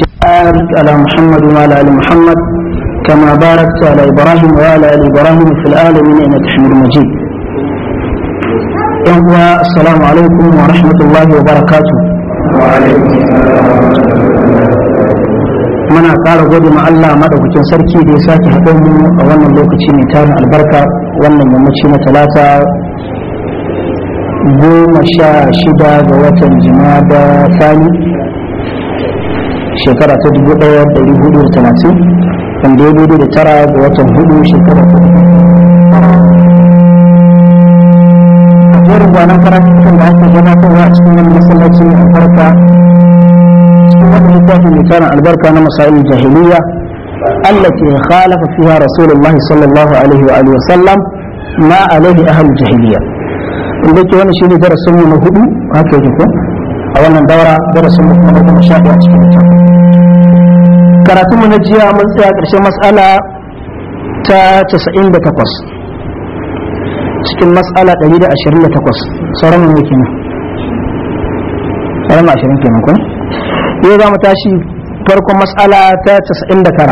شهادة على محمد وعلى آل محمد كما باركت على إبراهيم وعلى آل إبراهيم في العالمين من تحمل مجيد المجيد. السلام عليكم ورحمة الله وبركاته وعليكم السلام ورحمة الله منا قال قد الله مدى كتن سركي دي ساكي حقومي وانا اللي كتن تان البركة وانا ممتشين ثلاثة قوم الشاشدة بوطن جمادة ثاني shekara ta 1430 wanda ya daidai da tara ga watan hudu shekara ta a jerin gwanon karatukan da aka gabatarwa a cikin wani masallaci a farka cikin wani littafi mai tana albarka na masail jahiliya التي خالف فيها رسول الله صلى الله عليه وآله وسلم ما عليه أهل الجاهلية inda ke wani shine darasin mu na hudu haka yake ko a wannan daura darasin mu kuma da shafi a cikin littafin karatun mu na jiya mun tsaya ƙarshen matsala ta 98 cikin mas'ala 128 sauran mu kenan sauran 20 kenan ko yau za mu tashi farkon matsala ta 99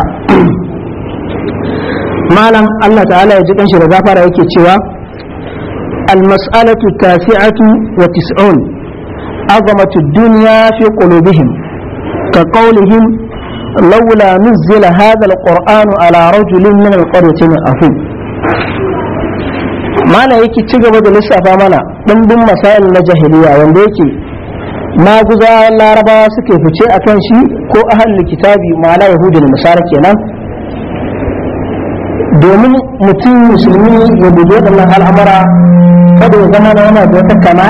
malam Allah ta'ala ya ji kanshi da gafara yake cewa المسألة التاسعة وتسعون عظمة fi في ka كقولهم laula nuzila hadha alqur'anu ala rajulin min alqaryatin afim mana yake ci gaba da lissafa mana dimbin masail na jahiliya wanda yake maguza larabawa suke fice a kan shi ko ahlul kitabi Mala, yahudi da nasara kenan domin mutum musulmi ya guji waɗannan al'amura kada ya zama na yana da wata kama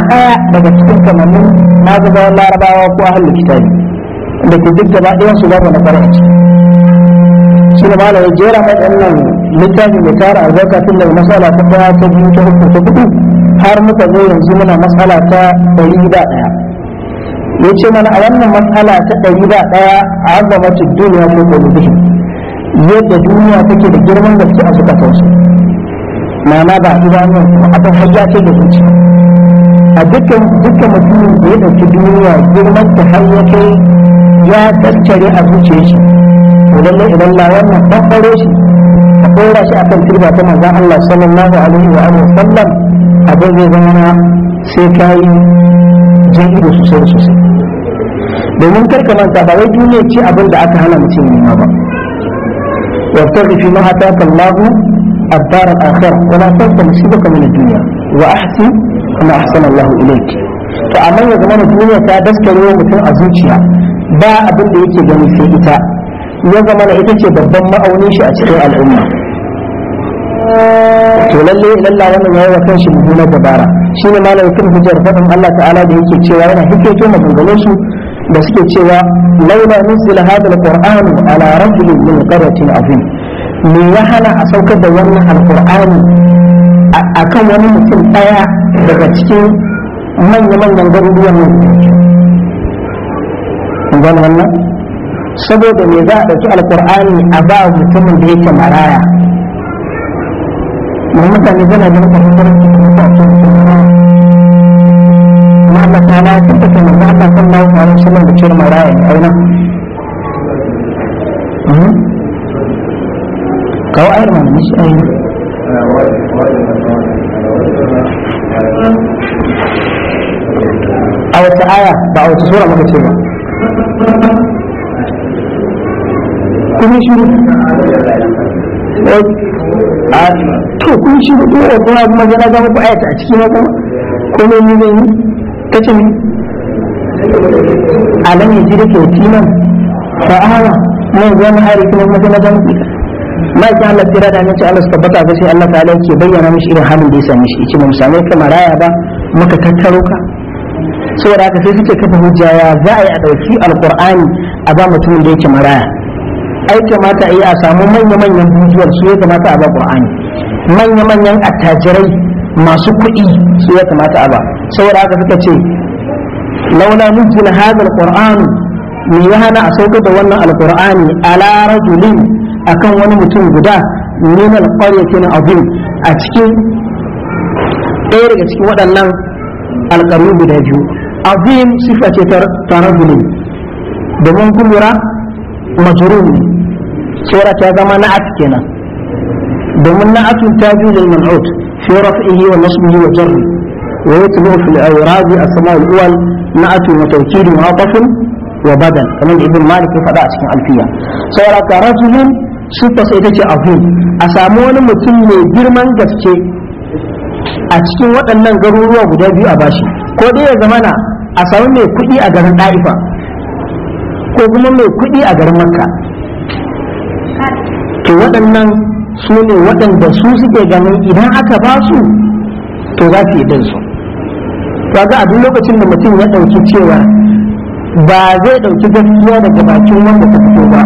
daga cikin kamannin maguzawan larabawa ko ahlul kitabi da ke duk gaba ɗayan su babu na farin ciki shi da malam ya jera mai wannan littafi mai tara albarka tun daga matsala ta ɗaya ta biyu ta uku ta hudu har muka zo yanzu muna matsala ta ɗari da ɗaya ya ce mana a wannan matsala ta ɗari da ɗaya a azamacin duniya ko kwalifikin yadda duniya take da girman gaske a zukatansu ma'ana ba idanun kuma abin hajja ce da zuci a dukkan dukkan mutumin da ya ɗauki duniya girman ta har ya kai ya tattare a zuciya shi idan la idan la wannan tabbare shi a kora shi akan turba ta manzon Allah sallallahu alaihi wa alihi sallam abin zai zama sai kai jin ido sosai sosai domin karka manta ba wai duniya ce abin da aka hana mutum nema ba وابتغ فيما آتاك الله الدار الآخرة ولا تنس نصيبك من الدنيا وأحسن كما أحسن الله إليك فأما يزمن الدنيا تادسك اليوم مثل أزوجها ba abin da yake gani sai ita ya zama na ita ce babban ma'aunin shi a cikin al'umma to lalle lalla wannan yayi wa kanshi mummunar dabara shine malam kin hujjar fadin Allah ta'ala da yake cewa yana hikaito maganganun su da suke cewa laula nuzila hada alquran ala rajulin min qaryatin azim me ya hana a saukar da wannan alqur'ani akan wani mutum daya daga cikin manya-manyan garuruwan an gane wannan saboda me za a ɗauki alkur'ani a ba mutumin da yake maraya mai mutane zana da mutane da rikin mutane na Allah ta na ta tafi manzo Allah sallallahu alaihi wasallam da cewa maraya ne aina hmm? kawai ayar mana mishi ayi a wata aya ba a wata sura muka ce ba kuma shiru eh, a to kun kuma ko a kuma kuma ga muku ayata kuma kuma haka kuma kuma zai yi ta ce ne kuma ya jira kyauti nan ba a hawa nan kuma na hari kuma magana ga muku ma ki Allah kuma da nace Allah su tabbata ga sai Allah kuma yake bayyana mishi irin halin da ya same shi yace mu kuma ka maraya ba muka tattaro ka saboda haka sai suke kafa hujja ya za a yi a ɗauki alkur'ani a ba mutumin da yake maraya ai kamata a yi a samu manya-manyan bujuwar su ya kamata a ba qur'ani manya-manyan attajirai masu kuɗi su ya kamata a ba saboda haka suka ce laula nuzila hadha alqur'anu me ya hana a saukar da wannan alkur'ani ala rajulin akan wani mutum guda min alqaryatin azim a cikin ɗaya daga cikin waɗannan alƙarni guda biyu عظيم صفة ترجل دمون كبيرة مجرون صورة هذا ما نعتكنا دمون نعت تاجيل المنعوت في رفعه ونصبه وجره ويتبع في الأوراد السماء الأول نعت وتوكيد معطف وبدن كما يجب المالك فداء سكن ألفية صورة رجل صفة سيدة عظيم أسامون متلني برمان قسكي a cikin waɗannan garuruwa guda biyu a bashi ko dai ya zama na, a samu mai kuɗi a garin ɗaifa ko kuma mai kuɗi a garin makka to waɗannan su ne waɗanda su suke ganin idan aka ba su to za su yi su za a duk lokacin da mutum ya ɗauki cewa ba zai ɗauki gaskiya daga bakin wanda ta fito ba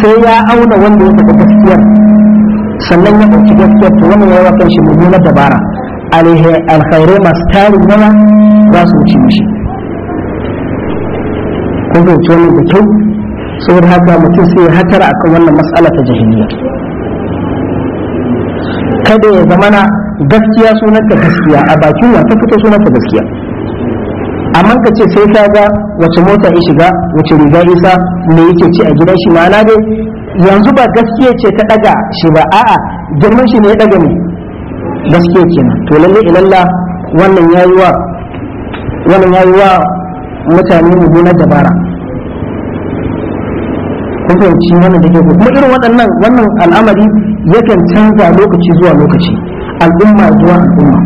sai ya auna wanda ya faɗi gaskiyar sannan ya ɗauki gaskiyar to wannan ya yi shi mummunar dabara alkhairai masu tarin yawa za su wuce mishi ko fahimci wannan da kyau saboda haka mutum sai ya hatara akan wannan matsala ta jahiliya kada ya zamana gaskiya sunanta gaskiya a bakin wa ta fito sunanta gaskiya amma ka ce sai ka ga wace mota ya shiga wace riga isa me yake ci a gidan shi ma'ana dai yanzu ba gaskiya ce ta daga shi ba a'a girman shi ne daga ne gaske kenan to lalle ilalla wannan yayuwa wannan yayuwa wa mutane mu na dabara kun fahimci wannan da ke ko kuma irin waɗannan wannan al'amari yakan canza lokaci zuwa lokaci al'umma zuwa al'umma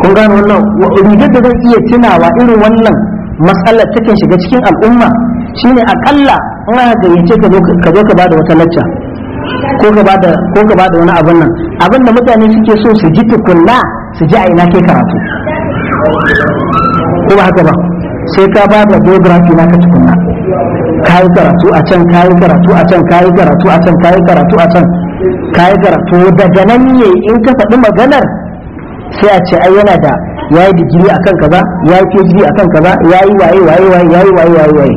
kun gane wannan rigar da zan iya tunawa irin wannan matsalar take shiga cikin al'umma shine akalla in aka gayyace ka zo ka bada wata lacca ko ka da ko ka bada wani abin nan abin da mutane suke so su ji tukunna su ji a ina kai karatu ko ba haka ba sai ka ba da biography naka tukunna kayi karatu a can kayi karatu a can kayi karatu a can kayi karatu a can kayi karatu daga nan ne in ka faɗi maganar sai a ce ai yana da ya yi digiri a kan kaza ya yi phd a kan kaza ya yi waye waye waye ya yi waye waye waye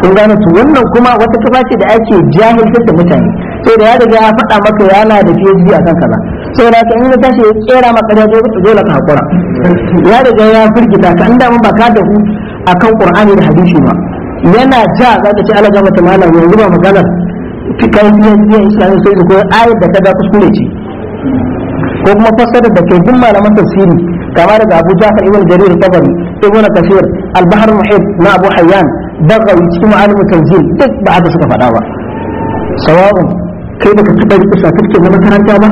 kun gane to wannan kuma wata kafa ce da ake jahiltar da mutane sai da ya daga ya faɗa maka yana da PhD a kan kaza sai da in ka tashi tsera maka da dole ka hakura ya daga ya firgita ka inda ba ka da hu akan Qur'ani da hadisi ba yana ja za ka ce Allah ga mata malam yanzu ba magana kai PhD in Islamic sai ko ayat da ta ga kuskure ce ko kuma fassarar da ke duk malaman tafsiri kama daga Abu Ja'far ibn Jarir Tabari ibn Kathir Al-Bahr Muhit na Abu Hayyan daga cikin ma'alimin tanzil duk ba haka suka faɗa ba sawa'un kai baka taɓa riƙe satifiket na makaranta ba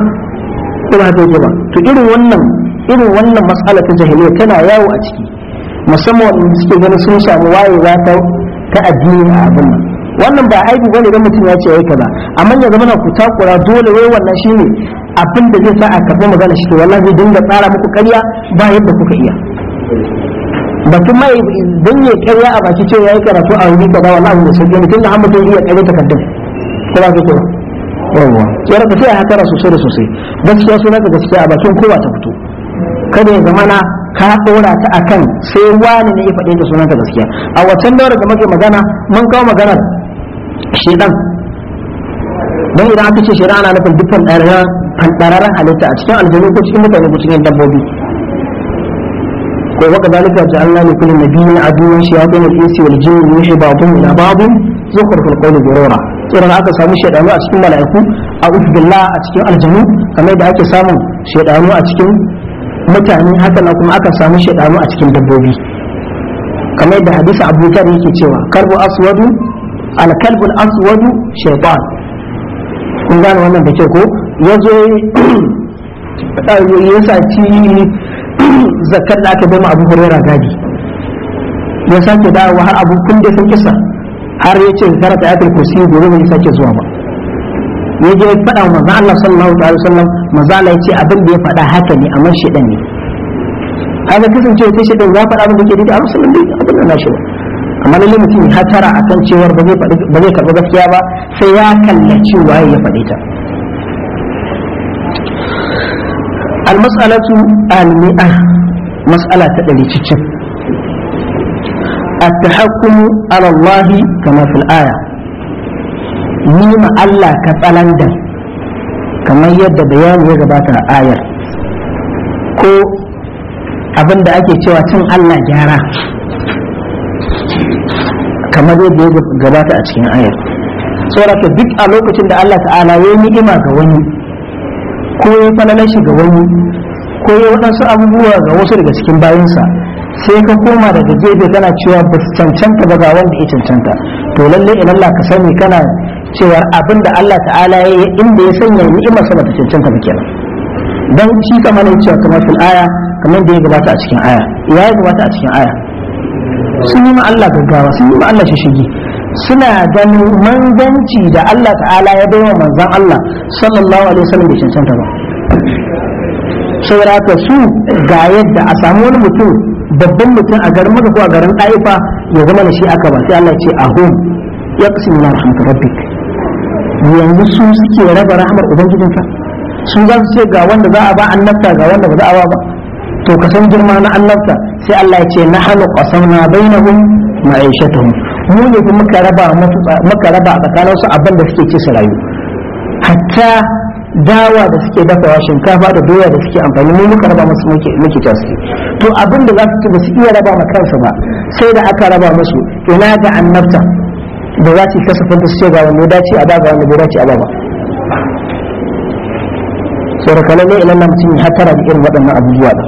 ko ba zai ba to irin wannan irin wannan matsala ta jahiliya tana yawo a ciki musamman wanda suke ganin sun samu wayewa ta ta addini a abin nan wannan ba aibu bane dan mutum ya ce yayi kaza amma ya zama na ku takura dole wai wannan shine abin da zai sa a karɓi magana shi to wallahi dinga tsara muku ƙarya ba yadda kuka iya batun mai dan ya karya a baki ce ya yi karatu a wuri kaza wallahi ne sai mutum da hamdu iya ƙarya takardun ko ba ke ba yawa kira ka ya a sosai da sosai gaskiya sunan ka gaskiya a bakin kowa ta fito kada ya zamana ka dora ta akan sai wani ne ya faɗe ta sunan ka gaskiya a wancan daura da muke magana mun kawo maganar shedan don idan aka ce shedan ana nufin dukkan ɗararren halitta a cikin aljanu ko cikin mutane ko cikin dabbobi ko waka dalika ja'alna li kulli nabiyyin aduwwan shayatin al-insi wal jinni yuhi ba'dhum ila ba'dhin zukhruf al-qawli ghurura irin aka samu shaidanu a cikin mala'iku a billah a cikin aljanu kamar da ake samun shaidanu a cikin mutane haka na kuma aka samu shaidanu a cikin dabbobi kamar da hadisi abubakar yake cewa kalbu aswadu al kalbul aswadu shaitan kun gane wannan da ke ko yazo ya saci zakar da aka bai ma abu hurera gadi ya sake dawowa har abu kun da sun kisa har ya ce karanta ayatul kursi gobe bai sake zuwa ba ya je ya faɗa manzo Allah sallallahu alaihi wasallam manzo Allah ya ce abin da ya faɗa haka ne amma shedan ne kaga kasancewa sai shedan ya faɗa abin da ke da Allah sallallahu alaihi abin da na shi ba amma lalle mutum ya hatara akan cewar ba zai ba zai karɓi gaskiya ba sai ya kallaci waye ya faɗe ta al-mas'alatu al-mi'ah mas'ala ta ɗari cikin التحكم على الله كما في الآية نيم الله كتلندا كما يد بيان يغبات آية كو abin da ake cewa cin Allah gyara kamar yadda ya gabata a cikin ayar sauraka duk a lokacin da Allah ta'ala ya yi ni'ima ga wani ko ya falalashi ga wani ko ya waɗansu abubuwa ga wasu daga cikin bayansa sai ka koma daga gefe kana cewa ba su cancanta ba ga wanda ya cancanta to lalle in Allah ka sani kana cewa abin da Allah ta'ala ya yi inda ya sanya ni'imar sama ta cancanta ba kenan dan shi kamar ne cewa kamar fil aya kamar da ya gabata a cikin aya ya ya gabata a cikin aya sun yi ma Allah gaggawa sun yi ma Allah shishigi suna ganin manganci da Allah ta'ala ya bai wa manzon Allah sallallahu alaihi wasallam da cancanta ba saboda haka su ga yadda a samu wani mutum babban mutum a garin maka ko a garin ɗaifa ya zama da shi aka ba sai Allah ce a hum ya kasu na rahmat rabbik yanzu su suke raba rahmar ubangijinka su za su ce ga wanda za a ba annabta ga wanda ba za a ba ba to ka san girma na annabta sai Allah ya ce na halu qasamna bainahum ma'ishatuhum mu ne kuma muka raba muka raba a tsakaninsu abin da suke ci su rayu hatta dawa da suke dafawa shinkafa da doya da suke amfani mu muka raba musu muke tasu to abin da za su ci ba su iya raba ma kansu ba sai da aka raba musu ina ga annabta da za su kasafin da su ce ga wanda ya dace a ba ga wanda bai dace a ba ba sai kallon ne ilan nan ya tara da irin waɗannan abubuwa da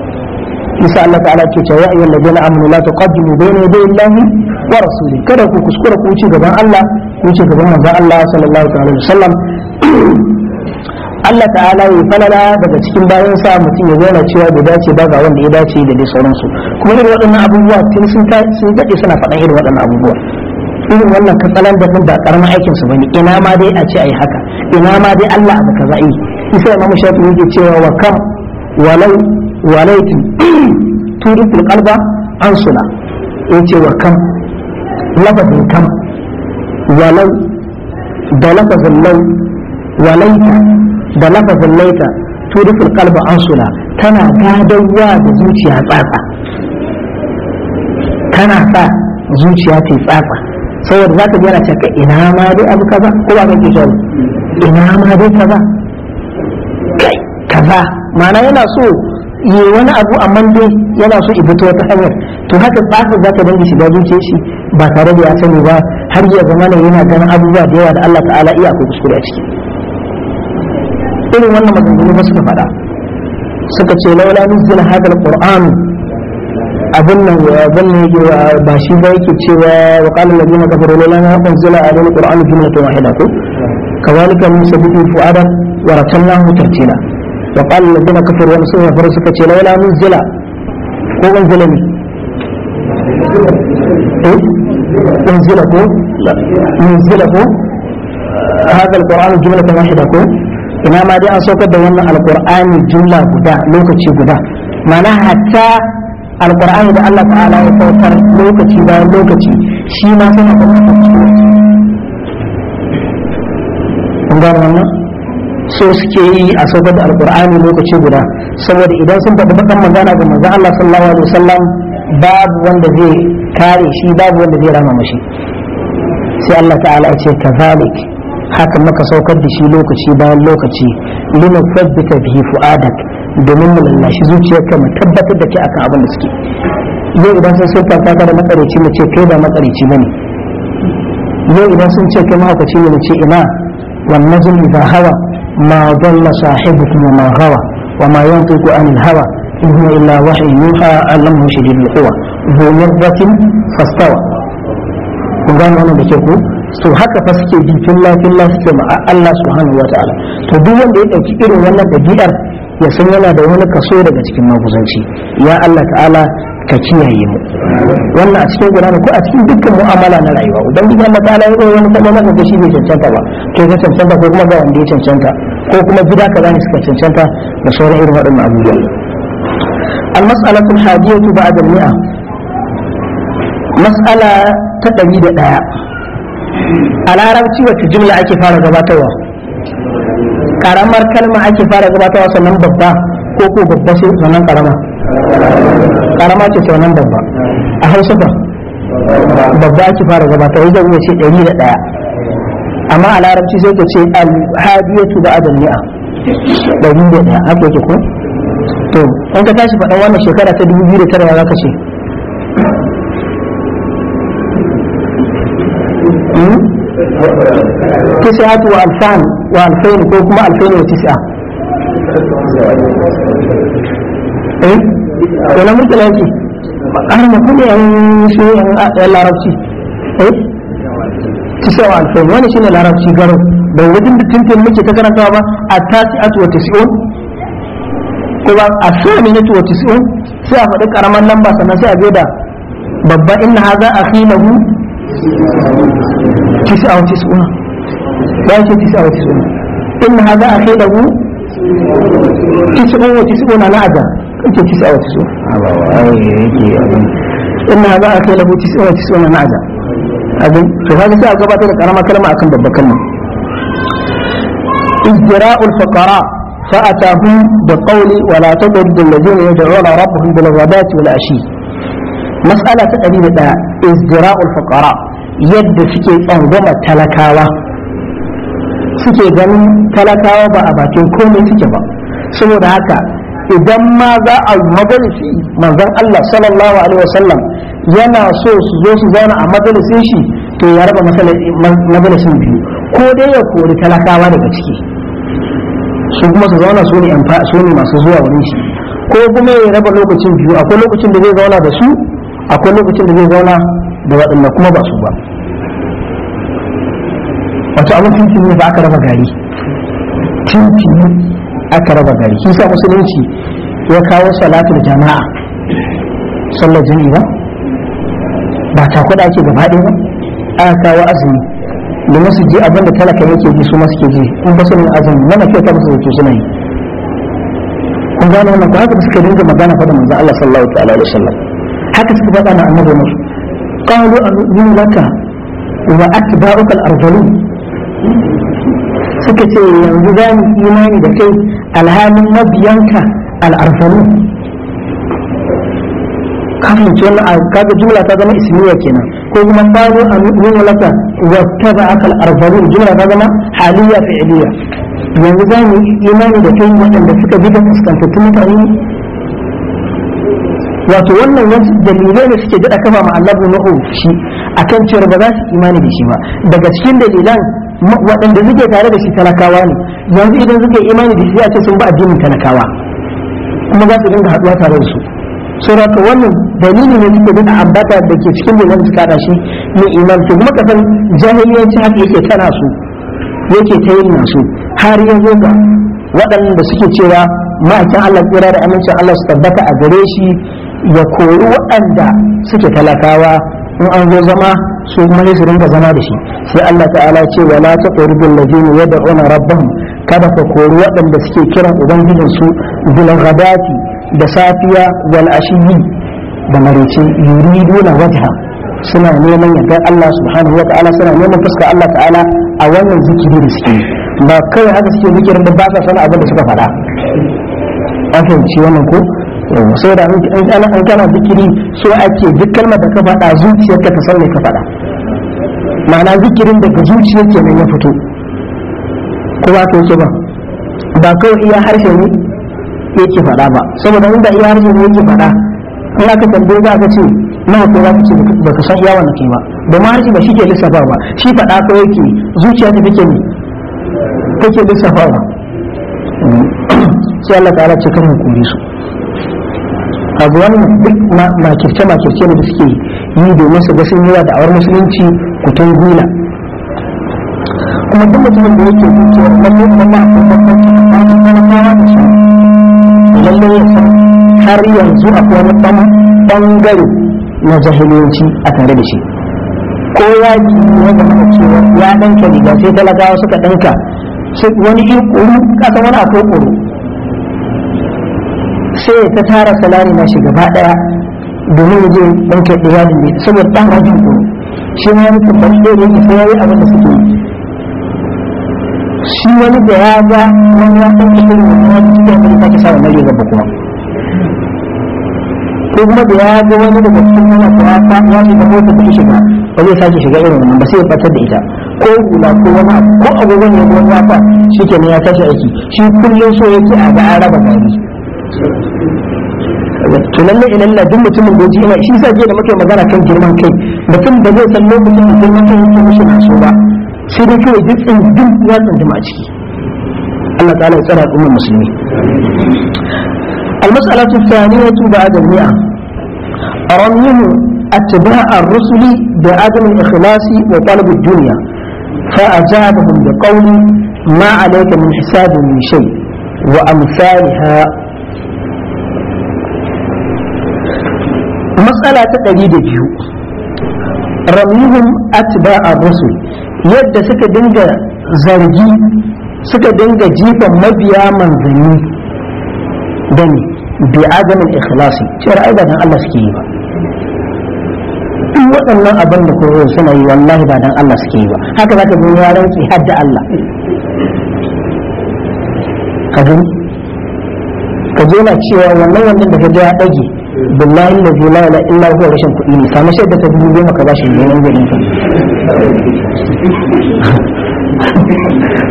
isa Allah ta'ala ke cewa ya ayyuhal ladina amanu la taqaddimu bayna yaday Allahi wa rasuli kada ku kuskura ku wuce gaban Allah ku wuce gaban manzon Allah sallallahu alaihi wasallam Allah ta'ala ya falala daga cikin bayan sa mutum ya zauna cewa bai dace ba ga wanda ya dace da dai sauransu kuma irin waɗannan abubuwa tun sun sun daɗe suna faɗan irin waɗannan abubuwa irin wannan katsalan da ba karamin aikin su bane ina ma dai a ce ai haka ina ma dai Allah abu kaza yi isa imamu shafi yake cewa wa kam walau walaiti turul qalba an suna yace wa kam lafazin kam walau da lafazin lau walaita da lafazin laita da kalba ansula tana gadarwa da zuciya tsatsa tana sa zuciya ta tsatsa saboda za ka yana caka ina ma dai abu kaza ko ba kake jawo ina ma dai kaza kai kaza ma'ana yana so yi wani abu amma dai yana so ibuto ta hanyar to haka tsatsa za ka dangi shiga zuciyar shi ba tare da ya sani ba har ya zama yana ganin abubuwa da yawa da Allah ta'ala iya ko kuskure a ciki irin wannan maganganu ba suka faɗa suka ce laula nuzila hadal qur'an abin nan abin ne yake ba shi ba yake cewa wa qala alladhina kafaru laula nuzila alayhi qur'an jumlatun wahida ko كذلك نثبت فؤادا ورتلناه ترتيلا وقال الذين كفروا ونسوا فرسك لولا نزل هو انزل ko ban هو نزل هو هذا القران جمله واحده كون ina ma dai an saukar da wannan alkur'ani jumla guda lokaci guda mana hatta alkur'ani da Allah ta'ala ya saukar lokaci bayan lokaci shi ma suna da kun gano wannan so suke yi a saukar da alkur'ani lokaci guda saboda idan sun faɗi bakan magana ga manzo Allah sallallahu alaihi wasallam babu wanda zai kare shi babu wanda zai rama mashi sai Allah ta'ala ya ce kazalik haka maka saukar da shi lokaci bayan lokaci lina sabbita bihi fu'adak domin mu lallashi zuciyarka mu tabbatar da ke akan abin da suke yau idan sun sun kaka da matsaraici mu ce kai ba matsaraici bane yau idan sun ce kai mahaukaci ne mu ce ina wannan zulmi ba hawa ma dalla sahibukum wa ma hawa wa ma yantiqu anil hawa in huwa illa wahyu yuha allahu shadidul quwa ذو مرة فاستوى kun gane wannan da ke ku to haka fa suke bi filla filla suke ma Allah subhanahu wataala to duk wanda ya dauki irin wannan dabi'ar ya san yana da wani kaso daga cikin maguzanci ya Allah ta'ala ka kiyaye mu wannan a cikin gudanar ko a cikin dukkan mu'amala na rayuwa idan duk Allah ta'ala ya yi wani kuma maka shi bai cancanta ba to ya cancanta ko kuma ga wanda ya cancanta ko kuma gida ka zani suka cancanta da sauran irin waɗannan abubuwa jami'a. masala ta ɗari da ɗaya. a larabci wata jumla ake fara gabatarwa karamar kalma ake fara gabatarwa sannan babba ko ko babba sai sannan karama karama ce sannan babba a hausa ba babba ake fara gabatarwa zai iya ce ɗari da ɗaya amma a larabci sai ka ce alhadiyatu ba adal ni'a ɗari da ɗaya haka yake ko to in ka tashi faɗan wannan shekara ta dubu biyu da tara za ka ce تسعة وألفان وألفين كوكما ألفين وتسعة إيه ولا مرتلاتي أنا كل يعني شيء العربي إيه تسعة وألفين وأنا شيء العربي قالوا لو وجدت تنتين مكي تكرا التاسعة وتسعون kuma a saminatu wa tis'un sai a faɗi ƙaramar lamba sannan sai a biyo da babba inna haza akhi lahu تسعة وتسعون بايك تسعة وتسعون إن هذا أخيره تسع وتسعون نعدا أنت تسعة وتسعون إن هذا أخيره تسع وتسعون نعدا أبن فهذا ساعة قبعت لك أنا ما كلمة أكن ببكنا ازدراء الفقراء فأتاهم بقول ولا تطرد الذين يدعون ربهم بالغداة والعشي matsala ta ɗari da ɗaya izdira'ul fuqara yadda suke tsangwama talakawa suke ganin talakawa ba a bakin komai suke ba saboda haka idan ma za a majalisi manzon Allah sallallahu alaihi wasallam yana so su zo su zauna a majalisin shi to ya raba majalisin biyu ko dai ya kori talakawa daga ciki su kuma su zauna su ne masu zuwa wurin shi ko kuma ya raba lokacin biyu akwai lokacin da zai zauna da su akwai lokacin da zai zauna da waɗannan kuma ba su ba wato abin tintin ne ba aka raba gari ne aka raba gari kisa musulunci ya kawo salatu da jama'a sallar jini ba ba ta kuɗa ake gaba ɗaya ba aka kawo azumi domin su ji abin da talaka yake ji su masu ke ji kun ba sanin azumi mana kai ta musu zato suna yi kun gano wannan ko haka suka dinga magana fa da manzo Allah sallallahu alaihi wasallam haka suka faɗa na annabi musu qalu anu'minu laka wa atba'uka al-arzalun suka ce yanzu za mu imani da kai alhalin mabiyanka al-arzalun kafin wannan kaga jumla ta zama ismiya kenan ko kuma qalu anu'minu laka wa atba'uka al-arzalun jumla ta zama haliya fi'liya yanzu za mu imani da kai waɗanda suka bi da fuskantattun mutane wato wannan wasu dalilai ne suke daɗa kafa ma Allah nuhu shi akan cewa ba za su imani da shi ba daga cikin dalilan waɗanda suke tare da shi talakawa ne yanzu idan suka imani da shi a ce sun ba addinin talakawa kuma za su dinga haɗuwa tare da su ka wannan dalili ne suke daɗa ambata da ke cikin dalilan su kada shi mai imani to kuma kasan jahiliyanci haka yake tana su yake ta yi nasu har yanzu ga waɗanda suke cewa ma'aikin Allah tsira da amincin Allah su tabbata a gare shi ya kori waɗanda suke talakawa in an zo zama su kuma su rinka zama da shi sai Allah ta'ala ce wala ta kori billajini ya da ona rabbahum kada ka kori waɗanda suke kiran ubangijin su bilghadati da safiya wal ashiyi da marece yuriduna wajha suna neman yardar Allah subhanahu wa ta'ala suna neman fuska Allah ta'ala a wannan zikiri da suke ba kai haka suke zikirin da ba sa sanin abin da suka faɗa an fahimci wannan ko saboda an kana zikiri so ake duk kalmar da ka faɗa zuciyar ta san ka faɗa ma'ana zikirin daga zuciyar kenan ya fito ko ba ka yake ba ba kawai iya harshe ne yake faɗa ba saboda inda iya harshe ne yake faɗa ina ka tambaye za ka ce nawa ko za ka ce ba ka san iya wannan ke ba ma harshe ba shi ke lissafa ba shi faɗa ko yake zuciya ta take ne kake lissafa ba sai Allah ta ala ce kan hukuri su abu wannan duk makirce makirce ne da suke yi domin su ga sun yi da awar musulunci kutun gula kuma duk mutumin da yake zuciya lalle kuma akwai bambanci tsakanin talakawa da shi lalle ya san har yanzu a kowane ɗan ɓangare na jahilanci a tare da shi ko ya ki ya zama cewa ya ɗanka riga sai talakawa suka ɗanka wani ƙasa wani akwai ƙuru sai ta tara salari na shi gaba daya domin ya je kai iyali ne saboda ɗan rajin ko shi ne yana tabbatar da yake sai yayi abin da suke shi wani da ya ga wani ya ɗauke irin wannan cikin da ya ke samun nage gaba kuma ko kuma da ya ga wani daga cikin wani kurata ya shiga mota da shiga ba zai sake shiga irin wannan ba sai ya fatar da ita ko hula ko wani ko abubuwan ya ga wani ya fa shi ne ya tashi aiki shi kullum so yake a ga an raba gari to lallai idan na duk mutumin goji yana shi sa da muke magana kan girman kai mutum da zai san lokacin da girman kai yake mishi naso ba sai dai kawai duk tsindin ya tsindima a ciki Allah ta'ala ya tsara al'ummar musulmi المسألة الثانية بعد المئة رميه أتباع الرسل بعدم الإخلاص وطلب الدنيا فأجابهم بقول ما عليك من حساب من شيء وأمثالها matsala ta ɗari da biyu ramihum a rusul yadda suka dinga zargi suka dinga jifan mabiya manzanni da ne bi adamin ikhlasi cewar ba dan Allah suke yi ba duk waɗannan abin da koyo suna yi wallahi ba dan Allah suke yi ba haka za ka bi yaran ki hadda Allah ka gani ka zo na cewa wannan wannan da ka je ya dage billahi allazi la ilaha illa huwa rashin kuɗi ne kamar da ta dubu goma ka bashi ne nan gurin ka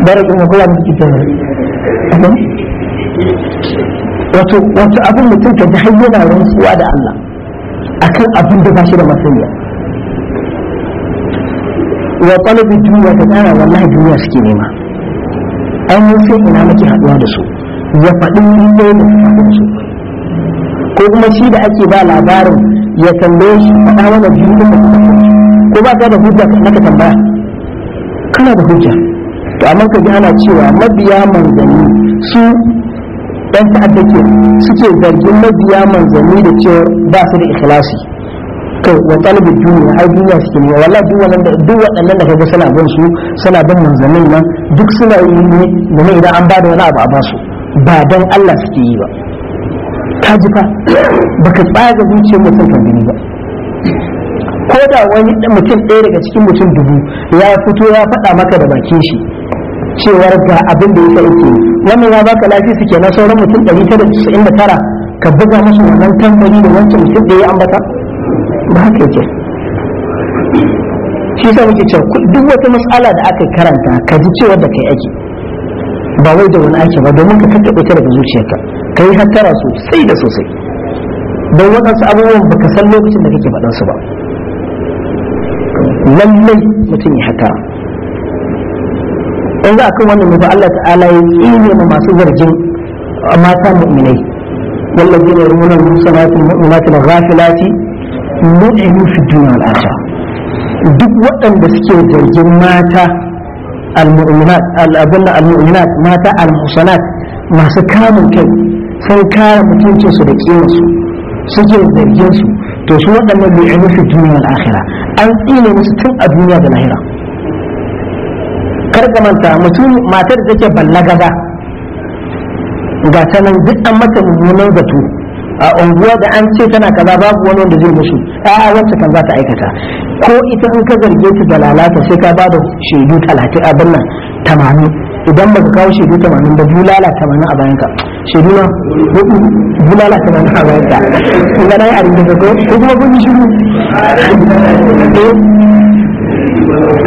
bare kuma kula da kike wato wato abin mutum ka ji hayyana rantsuwa da Allah akan abin da bashi da masaniya wa talabi duniya ta tsara wallahi duniya suke nema an yi sai ina muke haɗuwa da su ya faɗi ni ɗaya da su ko kuma shi da ake ba labarin ya tambaye shi faɗa da biyu da ko ba ka da hujja na ka tambaya kana da hujja to amma ka ji ana cewa mabiya manzanni su dan ta'adda ke suke zargin mabiya manzanni da cewa ba su da ikhlasi to wa talib duniya ai duniya suke ne wallahi duk wannan duk waɗannan da kaga suna bin su suna bin manzannin nan duk suna yi ne da idan an ba da wani abu a ba ba dan Allah suke yi ba ka ji fa tsaya ga zuciyar mutum ka gani ba ko da wani mutum ɗaya daga cikin mutum dubu ya fito ya faɗa maka da bakin shi cewar ga abin da ya sa yake wannan ya baka lafi su kenan sauran mutum ɗari tara da da tara ka buga musu wannan tambari da wancan mutum da ya ambata ba haka yake shi sa muke cewa duk wata matsala da aka karanta ka ji cewa da kai ake ba wai da wani ake ba domin ka kakkaɓe ta daga zuciyarka ka yi hattara sosai da sosai don waɗansu abubuwan ba ka san lokacin da kake faɗansu ba lallai mutum ya hattara In za a kan wannan mutu Allah ta'ala ya tsine ma masu zargin mata mu'minai والذين يرمون المحصنات المؤمنات الغافلات لعنوا في الدنيا والآخرة duk waɗanda suke zargin mata al-mu'minat mata al masu kamun kai sun kare mutuncin su da kiwon su suke zargin su to su waɗannan lu'inu fi duniya da akhira an tsine musu tun a duniya da lahira kar ka manta mutum matar da take ballagaza ga ta nan duk an mata mummunan zato a unguwa da an ce tana kaza babu wani wanda zai musu a'a wacce kan za ta aikata ko ita in ka zarge ta da lalata sai ka bada shaidu talatin abin nan tamanin idan ba ka kawo shaidu tamanin ba bulala tamanin a bayan ka shaidu na hudu bulala tamanin a bayan ka kun gana a rinda ko ko kuma kun yi shiru eh,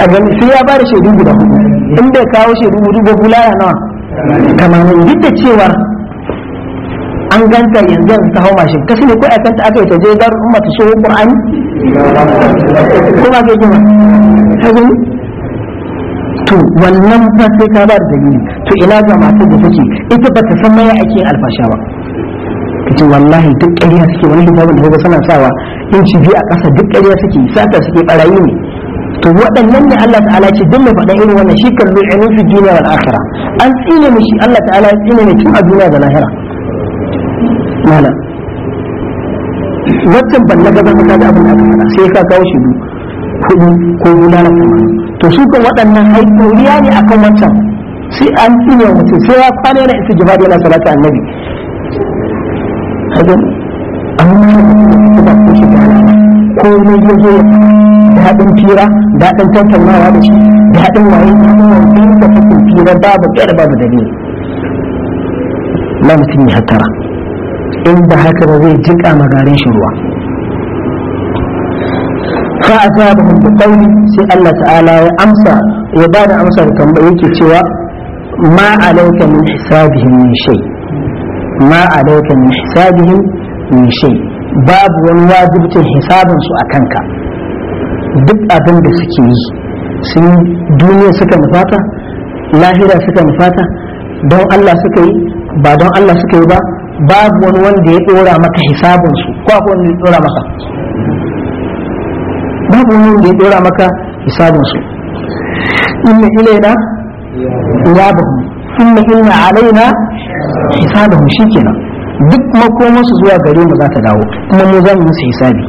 a gani sai ya bada shaidu guda hudu in bai kawo shaidu hudu ba bulala nawa tamanin duk da cewar an ganta yanzu yanzu ta hau mashin kasu ne ko akanta aka yi ta je dar umma ta soho qur'ani ko ba ke jima ta gani to wannan ba sai ka ba da dalili to ina ga matar da take ita ba ta san maya ake alfasha ba kace wallahi duk ƙarya suke wani littafin da kaga suna sawa inci biyu a ƙasa duk ƙarya suke sata suke barayi ne to waɗannan ne Allah ta'ala ce duk mai faɗa irin wannan shi kan lu'inu fi duniya wal akhirah an tsine mu shi Allah ta'ala ya tsine ne tun a duniya da lahira malam wancan ban na gaza ta da abin da aka sai ka kawo shi du ko na kuma to su kan waɗannan haikuriya ne akan wancan sai an tsine mutum sai ya kwana yana isa jima'a yana salatu annabi hajjan amma ko ba ko shi da ko ne ya zo daɗin fira daɗin tattaunawa da shi daɗin waye daɗin waye da fira babu ƙyar babu dalili na mutum ya hattara in ba haka ba zai jiƙa magarin shi ruwa fa asabahum bi qawli sai Allah ta'ala ya amsa ya ba da amsa da tambaya yake cewa ma alayka min hisabihim min shay ma alayka min hisabihim min shay babu wani wajibcin hisabin su akan ka duk abin da suke yi sun duniya suka nufata lahira suka nufata don Allah suka yi ba don Allah suka yi ba babu wani wanda ya dora maka hisabin su ko akwai wanda ya dora maka babu wani wanda ya dora maka hisabin su inna ilaina iyabahum inna inna alaina shi shikenan duk makomar su zuwa gare mu za ta dawo kuma mu za mu musu hisabi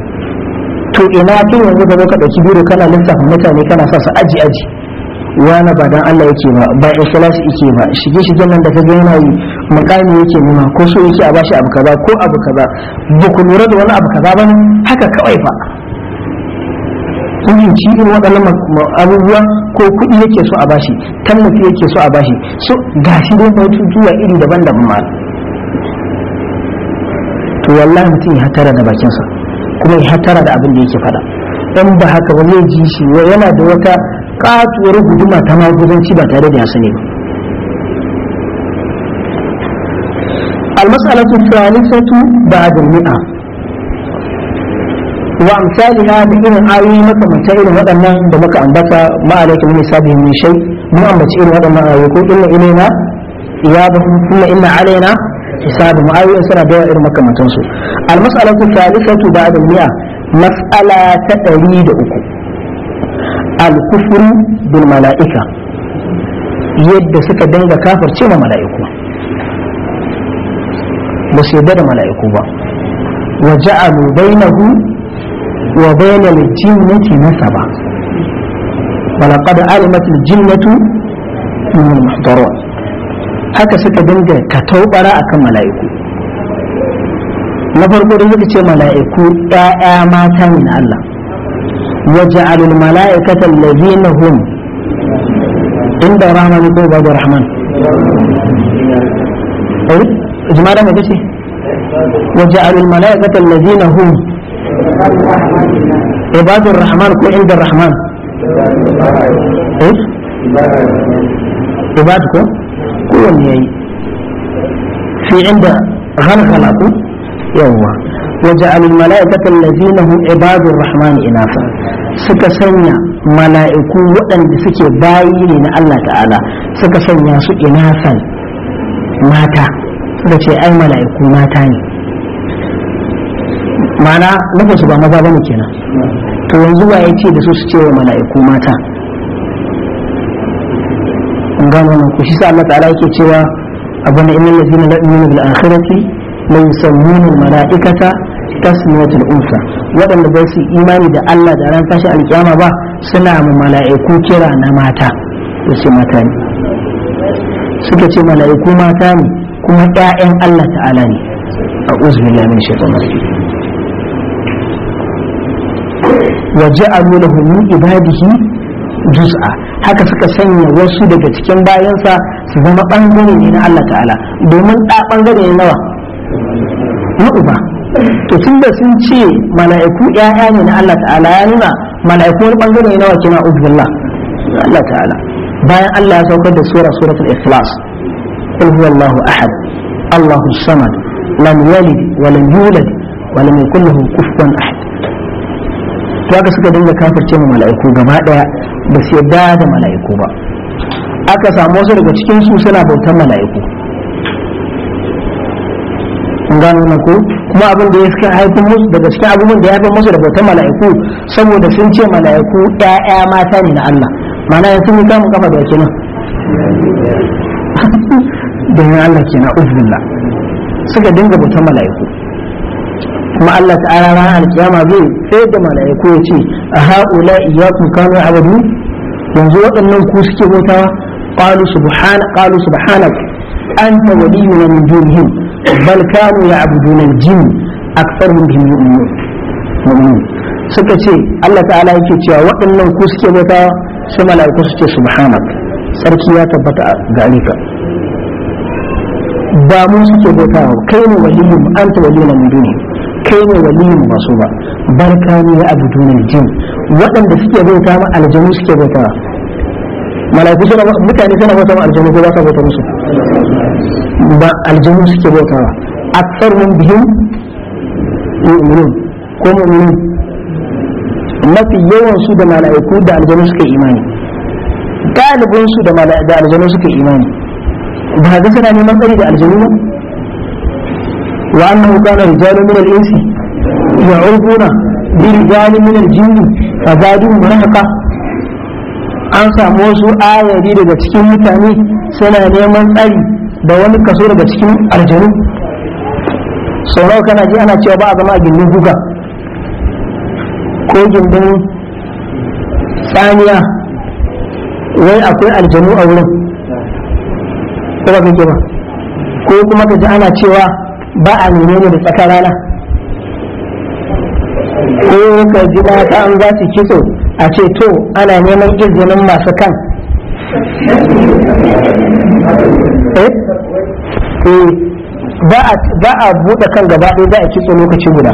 to ina tun yanzu da zo ka dauki biro kana lissafa mutane kana sa su aji aji wani ba dan Allah yake ba ba ikhlas yake ba shige shigen nan da ka ga yana yi makami yake nuna ko so yake a bashi abu kaza ko abu kaza ba ku lura da wani abu kaza ba haka kawai fa kuɗin ci irin waɗannan abubuwa ko kuɗi yake so a bashi tallafi yake so a bashi so ga shi dai fa tutuwa iri daban-daban ma to wallahi mutum ya hatara da bakinsa kuma ya hatara da abin da yake faɗa in ba haka ba zai ji shi yana da wata katuwar hujuma ta maguzanci ba tare da ya sani ba المسألة الثالثة بعد المئة وأمثالها بإن آية مكة مسائل ودنا بمكة أنبتا ما عليك من حسابهم من شيء من أنبتين ودنا يقول إلا إلينا إيابهم ثم إن علينا حسابهم آية سنة دائر مكة متنسو المسألة الثالثة بعد المئة مسألة تأريد أكو al-kufru bil mala'ika yadda suka dinga kafirce ma mala'iku ba su yadda da mala'iku ba wa ja'alu bainahu wa bainal jinnati nasaba wa laqad alimat al-jinnatu min al-muhdarun haka suka dinga taubara akan mala'iku na farko da suka ce mala'iku ƴaƴa mata ne na Allah وجعل الملائكة الذين هم عند الرحمن يقول بعد الرحمن جماعة ما تشي وجعل الملائكة الذين هم عباد الرحمن كل عند الرحمن ايش عبادكم كل يوم في عند يا الله وجعل الملائكة الذين هم عباد الرحمن إناثا suka sanya mala'iku waɗanda suke bayi ne na Allah ta'ala suka sanya su inasan mata suka ce ai mala'iku mata ne mana nufinsu ba maza bane kenan to yanzu ba ya ce da su su ce wa mala'iku mata in gano nan ku shi sa Allah ta'ala yake cewa abin da inna lazina la'amina bil akhirati la yusammuna al mala'ikata al unsa waɗanda ba su imani da Allah da ran tashi alkiyama ba suna mu mala'iku kira na mata to sai mata ne suka ce mala'iku mata ne kuma ƴaƴan Allah ta'ala ne a uzbillahi min shaitanir rajim wa ja'alu lahum min ibadihi juz'a haka suka sanya wasu daga cikin bayansa su zama bangare ne na Allah ta'ala domin da bangare ne nawa na uba to tun da sun ce mala'iku ya ne na Allah ta'ala ya nuna mala'iku wani bangare ne na wace na ubillah Allah ta'ala bayan Allah ya saukar da sura suratul ikhlas qul huwallahu ahad Allahu samad lam yalid wa lam yulad wa lam yakul lahu kufuwan ahad to aka suka dinga kafirce mu mala'iku gaba daya ba su yadda da mala'iku ba aka samu wasu daga cikin su suna bautar mala'iku gano na ko kuma abin da ya fi haifin musu daga cikin abubuwan da ya fi musu da bautan mala'iku saboda sun ce mala'iku ɗaya mata ne na Allah mana ya sun kamun kafa da yake nan da ya Allah ke na uzbillah suka dinga bautan mala'iku kuma Allah ta'ala ranar alkiyama zai sai da mala'iku ya ce a haula kano a abadu yanzu waɗannan ku suke bautawa qalu subhana qalu subhanak anta waliyuna min dunihim bal kanu ya'budun al-jinn aktharuhum bihim yu'minun suka ce Allah ta'ala yake cewa waɗannan ku suke bata su mala'iku su ce subhanak sarki ya tabbata gare ka ba mu suke bata kai ne waliyun ta waliyuna min duni kai ne waliyin masu ba barka ne ya abu dunar jini waɗanda suke bata ma aljanu suke bata mala'iku suna mutane suna bata ma aljanu ko ba sa bata musu ba aljihun suke bautawa akthar mun bihin yu'minun ko mu'minun mafi yawan su da mala'iku da aljanu suke imani galibin su da da aljanu suke imani ba ga suna neman tsari da aljanu ba wa annahu kana rijalun min al-insi ya'uduna bi rijalin min al-jinni fa zaduhum haka. an samu wasu ayari daga cikin mutane suna neman tsari da wani kaso daga cikin aljanu sau nawa kana ji ana cewa ba a zama a gindin guga ko gindin tsaniya wai akwai aljanu a wurin ko kuma ka ji ana cewa ba a nune ne da tsakar rana ko ka ji ta an za su kitso a ce to ana neman izinin masu kan eh? Eh, ba a buɗe kan gaba ɗaya za a kitso lokaci guda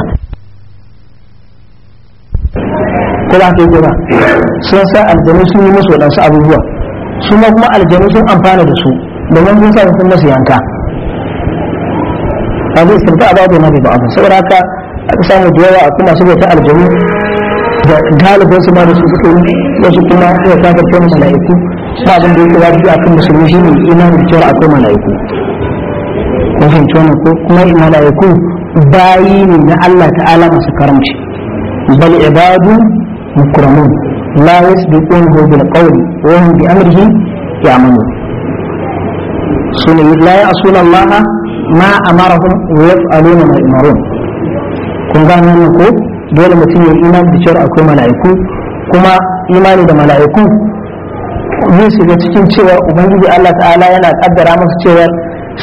ko ba ka yi gaba sun sa aljanu sun yi musu waɗansu abubuwa su ma kuma aljanu sun amfana da su domin sun sa sun masu yanka ba zai ta a babu na bai ba saboda haka aka samu da yawa kuma su bauta aljihu da galibin su ma da su suka yi wasu kuma ya kafirce mala'iku ba abin da yake wajibi akan musulmi shine imanin da a akwai mala'iku kun fahimci wannan ko kuma mala'iku bayi ne na Allah ta'ala masu karamci bal ibadu mukramun la yasbiqunahu bil qawli wa hum bi amrihi ya'malun sunan la ya'suna Allah ma amarahum wa yaf'aluna ma yumarun kun gano wannan ko dole mutum ya imani da cewa akwai mala'iku kuma imani da mala'iku zai shiga cikin cewa ubangiji Allah ta'ala yana kaddara masa cewa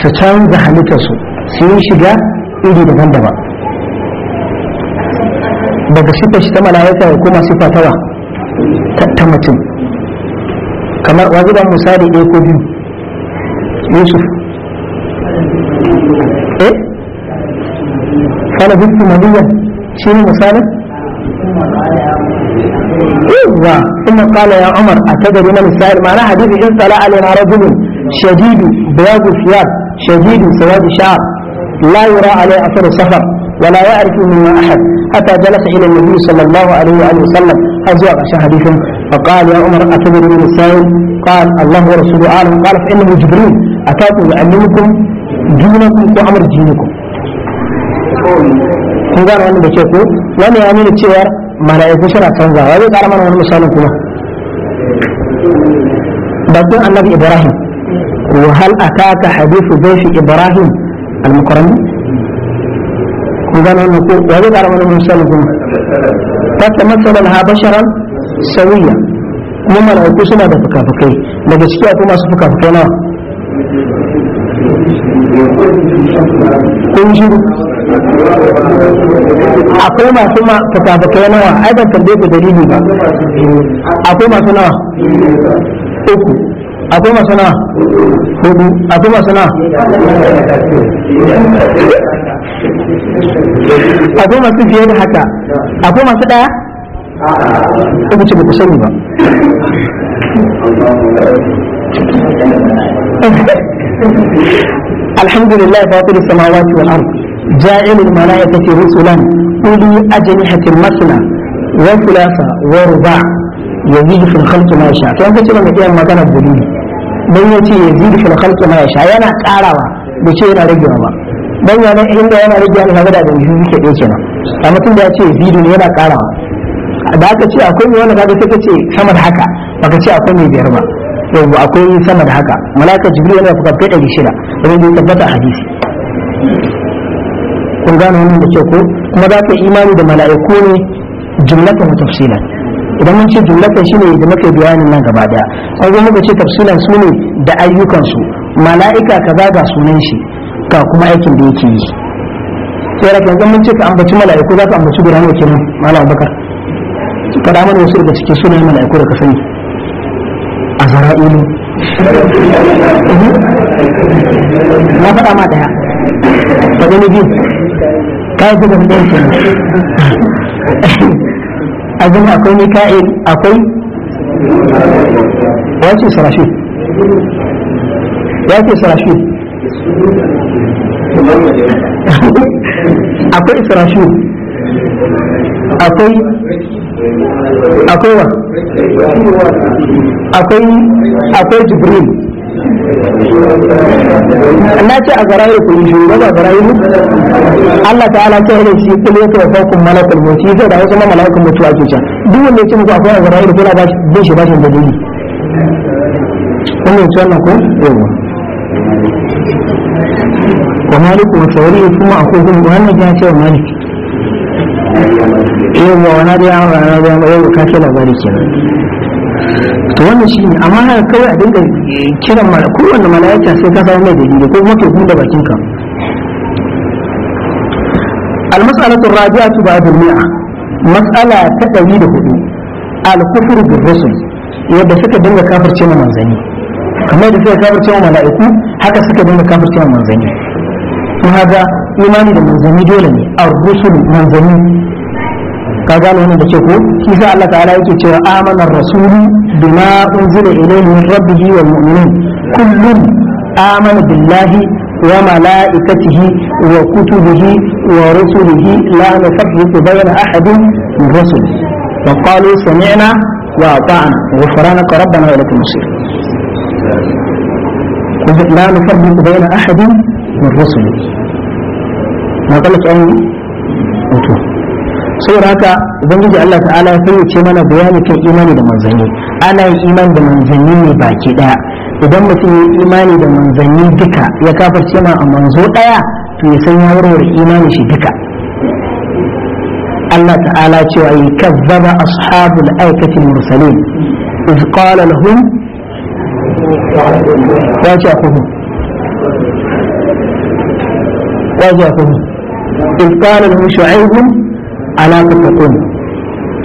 su canza halittarsu su yi shiga iri daban-daban daga sifa shi ta mala'ika ya koma sifa tawa ta mutum kamar wajiban musali ɗaya ko biyu yusuf eh قال بنت مالية شنو مسالة ايوه ثم قال يا عمر اتدري من السائل معنى حديث جلسة لا علينا رجل شديد بياض الثياب شديد سواد الشعر لا يرى عليه اثر السفر ولا يعرف منه احد حتى جلس الى النبي صلى الله عليه واله وسلم ازواج حديث فقال يا عمر اتدري من السائل قال الله ورسوله اعلم قال فانه جبريل اتاكم يعلمكم دينكم وامر دينكم kun gane wannan da ke ko wannan ya nuna cewa mala'iku suna canzawa zai kara mana wani misalin kuma babban annabi ibrahim wa hal ataka hadithu dhayfi ibrahim al-mukarram kun gane wannan ko ya zai kara mana wani misalin kuma fatamassala laha basharan sawiya kuma mala'iku suna da fuka-fukai daga ciki akwai masu fuka-fukai nawa kun shiru akwai masu ma fatafakai nawa ai ban tambaye ku dalili ba akwai masu nawa uku akwai masu nawa hudu akwai masu nawa akwai masu fiye da haka akwai masu daya kuma ce ba ku sani ba alhamdulillah da samawa wal ardh جائل الملائكة رسلا أولي أجنحة مثنى وثلاثة ورباع يزيد في الخلق ما يشاء كان كتير من كيان مدنة الدليل dan ya ce في الخلق ما ma yasha yana karawa da الله yana dan ya nan inda yana rage ne kaga da dan shi yake dace na amma tun da ya ce yazid ne yana karawa da aka ce akwai mai wanda kaga take ce sama da haka baka ce akwai mai biyar ba yau akwai sama da haka malaka jibril yana fuka fada da shida wanda tabbata hadisi kun gane wannan da ke ko kuma za ka imani da mala'iku ne jumlatan wa tafsilan idan mun ce jumlatan shine da muke bayanin nan gaba daya an zo muka ce tafsilan su ne da ayyukansu mala'ika kaza ga sunan shi ga kuma aikin da yake yi sai da kan mun ce ka ambaci mala'iku za ka ambaci guda nawa kenan malam bakar faɗa mana wasu daga cikin sunan mala'iku da ka sani azra'ilu na faɗa ma daya faɗi biyu kayan su gaba a zama akwai mika'il akwai wace sarashi wace sarashi akwai sarashi akwai akwai wa akwai akwai jibril Allah ce a zarayi ku yi shuru ba zarayi mu Allah ta'ala ce ne shi kuma ya kuma kun malakul mutu shi zai da wasu ma malakul mutuwa ke can duk wanda ya ce muku akwai a zarayi kuna ba shi bin shi bashin dalili wannan ce ko yawa wa maliku wa ya kuma akwai kun wannan ya ce wa maliki yawa wani da yawa wani da yawa ka ce labari kenan to wannan shi ne amma haka kawai a dinga kiran mara kowanne mala'ika sai ka samu mai dalili ko kuma ke da bakin ka almas'alatu rabi'atu ba'd al-mi'a mas'ala ta 104 al-kufru bir rusul yadda suka dinga kafirce ma manzanni kamar da suka kafirce ma mala'iku haka suka dinga kafirce ma manzanni to haga imani da manzanni dole ne ar-rusul manzanni ka wannan da ce ko shi sa Allah ta'ala yake cewa amana rasulu bima unzila ilayhi min rabbihi wal mu'minin kullun amana billahi wa malaikatihi wa kutubihi wa rusulihi la nufarriqu bayna ahadin min rusuli wa qalu sami'na wa ata'na ghufranaka rabbana wa lakal masir لا نفرق بين أحد من رسله ما قالت أني أوتوه saboda haka ubangiji Allah ta'ala ya kai ce mana bayani kan imani da manzanni ana yin imani da manzanni ne baki daya idan mutum ya imani da manzanni duka ya kafarce ma a manzo daya to ya san ya warware imani shi duka Allah ta'ala cewa yi kazzaba ashabul aikati mursalin iz qala lahum wa wa ja kuhu ja kuhu iz qala lahum shu'aibun ala tattaqun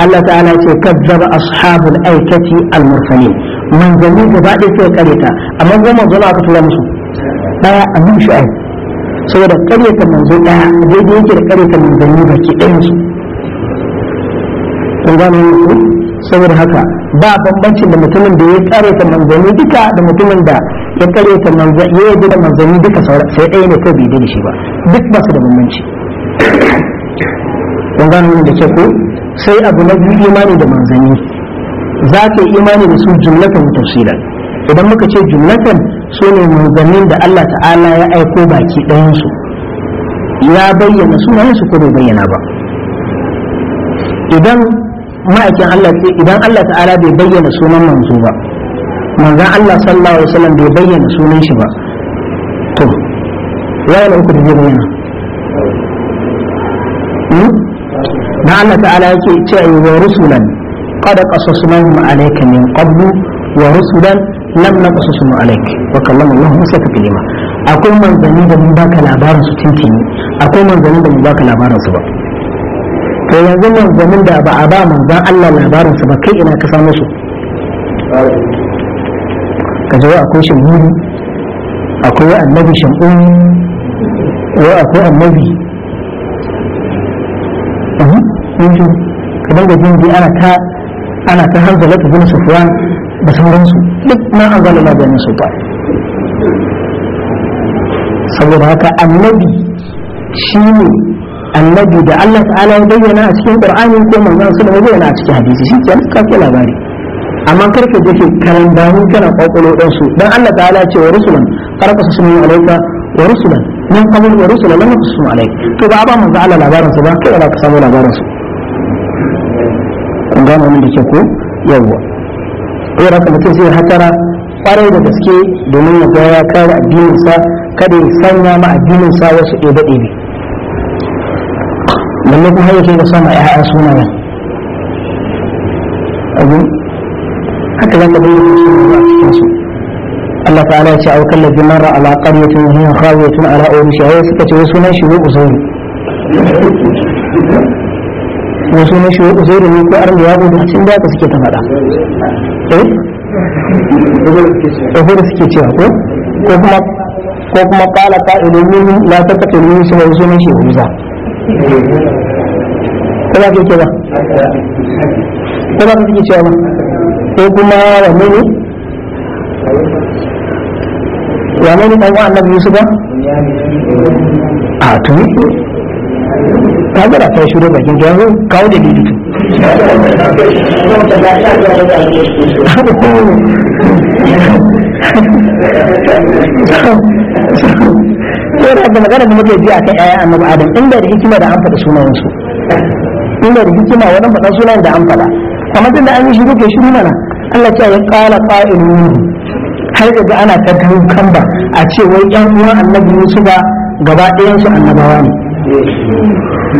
Allah ta'ala ce kazzaba ashabul aikati al-mursalin manzanni gaba ɗaya sai kare ta amma goma manzo Allah ka tura musu daya annabi shu'aib saboda kare ta manzo daya daidai yake da kare ta manzanni baki ɗayan su kun gano ku saboda haka ba bambanci da mutumin da ya kare ta manzanni duka da mutumin da ya kare ta manzanni ya yi da manzanni duka sai ɗaya ne ko bai da shi ba duk ba su da bambanci kun gano da ke ko sai abu na biyu imani da manzanni za ka yi imani da su jumlatan tafsila idan muka ce jumlatan su ne manzannin da Allah ta'ala ya aiko baki ɗayansu ya bayyana sunayensu ko bai bayyana ba idan ma'aikin Allah idan Allah ta'ala bai bayyana sunan manzo ba manzan Allah sallallahu alaihi wasallam bai bayyana sunan shi ba to wayan uku da zai bayyana hmm? da Allah ta'ala yake cewa wa rusulan qad qasasnahum alayka min qablu wa rusulan lam naqsusum alayka wa kallama Allah Musa taklima akwai manzanni da mun baka labarin su tintini akwai manzanni da mun baka labarin su ba to yanzu manzannin da ba a ba manzan Allah labarin su ba kai ina ka samu su ka zo akwai shamiri akwai annabi shamu wai akwai annabi ka dinga jin ji ana ta ana ta hanzala ta bin sufwan da sauransu duk ma hanzala na su ba saboda haka annabi shi ne annabi da Allah ta'ala ya bayyana a cikin Qur'ani ko manzon sallallahu alaihi wasallam a cikin hadisi shi ke ka ke labari amma karfe da ke karan damu kana kwakwalo ɗansu don Allah ta'ala ce wa rusulan farqasu sunan alayka wa rusulan من قبل الرسل لم يقصوا عليه فبعضهم من فعل العبارة سبا كيف لا تصابوا العبارة كن غانوا من بيشكو يوو غير أفضل تنسير حتى را فريد تسكي دمين جايا كاد الدين سا كاد يسانيا مع الدين سا وش إيبا إيبي من لكم هاي كيف سامع إحاء سونا أجل حتى لا تبين سونا Allah ta'ala ya ce au ya tun ala qaryatin ya tun ala urusha wai suka ce wasu nan shi wa uzairi wasu nan shi wa uzairi ne ko da ya gudu cin da suke ta faɗa eh da suke cewa ko ko kuma ko kuma qala qa'ilun minhum la taqtulun shi wasu nan shi uza ko ba ke ke ba ko ba ke ke cewa ba ko kuma wa ne ya ne dan wa annabi yusuf ba a tuni ta gara ta shi bakin ta yau kawo da didi Yana da magana da muke ji a kan ‘ya'ya annabi Adam inda da hikima da an faɗa sunayensu. Inda da hikima wajen faɗa sunayen da an faɗa. Kamar da an yi shiru ke shiru mana Allah ce ya ƙala ƙa'in kai ga ana ta kan ba a ce wai yan uwan annabi Musa Yusufa gaba ɗayan su annabawa ne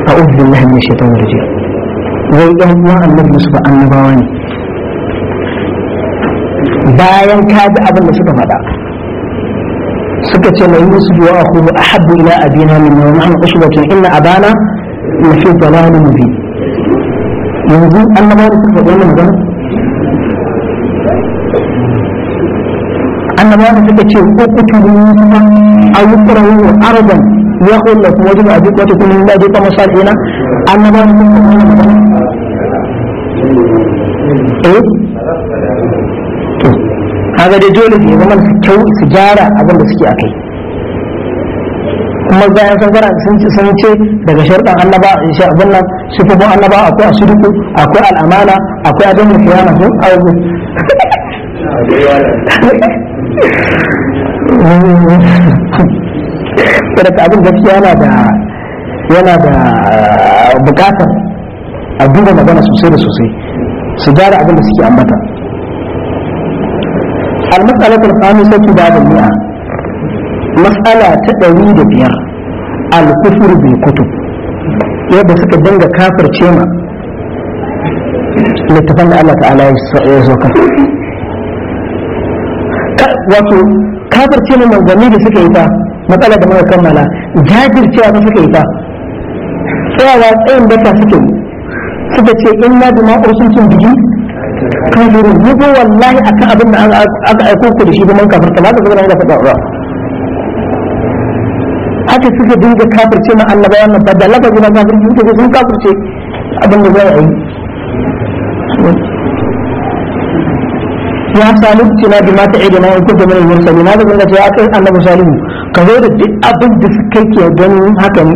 a a'udhu ne shi ta rajim wai yan uwan annabi Musa ba annabawa ne bayan ka ji abin da suka faɗa suka ce mai musu yusuf wa akhuhu ahabbu ila abina minna wa nahnu usbatun inna abana la fi dalalin bi yanzu annabawa ne suka faɗa wannan magana annabawa da suka ce ko ukutulu musa a ardan ya kula kuma wajen abin wata kuma yi daji kama sa kenan annabawa da suka kuma yi eh to kaga da jole ne zama su kyau su gyara abin da suke kai kuma bayan sun gara sun ci sun ce daga sharɗan annaba shi abin nan su fi bon annaba akwai a suruku akwai al'amana akwai a adamu kiyama sun aure da yana da yana da eh, bukatar a duba magana sosai da sosai su gyara abin da suke ambata al-masala ta fami sauki ba da mu'a matsala ta ɗari da biyar al-kufur bin kutu yadda suka dinga kafir cema littafan da Allah ta'ala ya zo wato ce mu manzanni da suka yi ta matsala da muka kammala jajircewa da suka yi ta tsayawa tsayin ta suke suka ce bi bima ursultum bihi kafirun mu go wallahi akan abin da aka aiko ku da shi da man kafirta ba ka zama da faɗa ba haka suka dinga ce ma Allah ba nan fadda laka gina kafirci suka ce sun ce abin da zai yi ya salihu kina bi mata idana in kunta min al-mursalin na zan ya kai annabi salihu ka zo da duk abin da suka ke ganin haka ne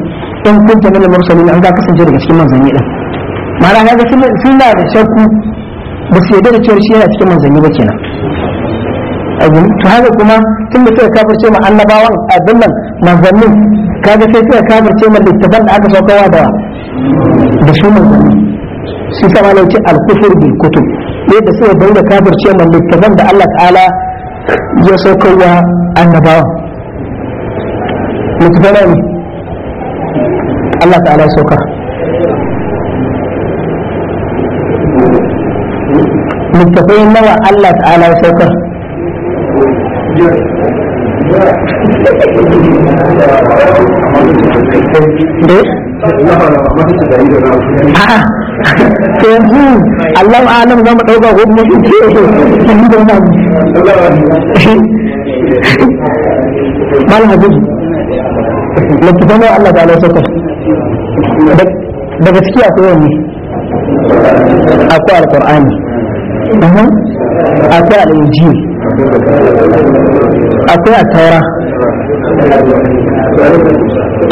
in kunta min al-mursalin an ga kasance daga cikin manzanni din ma'ana ga suna da shakku ba su yarda da cewar shi yana cikin manzanni ba kenan to haka kuma tun da suka kafirce ma annabawan abin nan manzannin kaga sai suka kafirce ma littafan da aka saukawa da da su manzanni sai sama ne ce al-kufur bil kutub ta yadda suka dinga kafirce man littafan da Allah ta'ala ya saukarwa annabawa littafan ne Allah ta'ala ya saukar littafai nawa Allah ta'ala ya saukar da eh? to yanzu Allahu alam za mu dauka ko da akwai akwai akwai akwai taura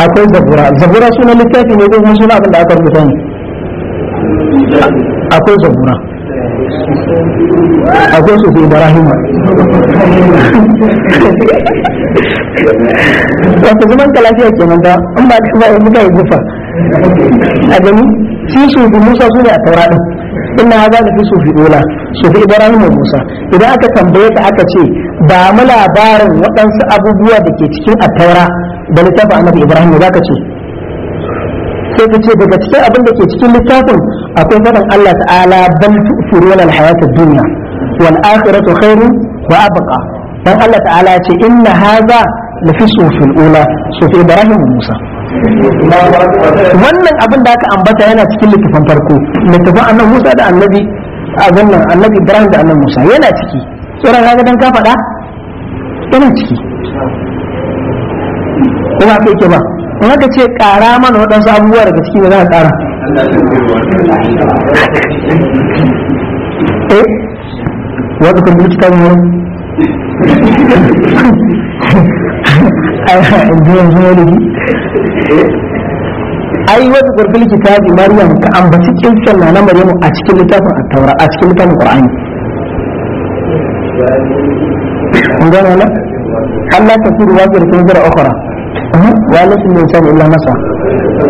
akwai zabura zabura sunan littafi ne ko kuma suna abinda aka rubuta ne akwai zabura akwai su fi barahima wasu zaman kalafiya ke nan da an ba ka bayan muka yi gufa a gani shi su fi musa su ne a taura ɗin ina haza da fi su fi ola su fi ibrahim musa idan aka tambaye ka aka ce ba mu labarin waɗansu abubuwa da ke cikin a taura da littafin annabi ibrahim za ka ce sai ka ce daga cikin abin da ke cikin littafin akwai faɗin Allah ta'ala bal tu'thiruna al-hayata ad-dunya wal akhiratu khairun wa abqa dan Allah ta'ala ce inna hadha la fi sufil ula sufi ibrahim musa wannan abin da aka ambata yana cikin littafin farko littafin annabi musa da annabi abin nan annabi ibrahim da annabi musa yana ciki tsoron kaga dan ka faɗa yana ciki kuma kai ke ba in aka ce ƙara mana waɗansu abubuwa daga ciki ne za a ƙara eh wata kan bincika mu ai wata kwarfin kitabi maryam ka ambaci na na a cikin littafin attaura a cikin littafin qur'ani kun na Allah ta kuru wa kirkin zira ukhra wa illa masa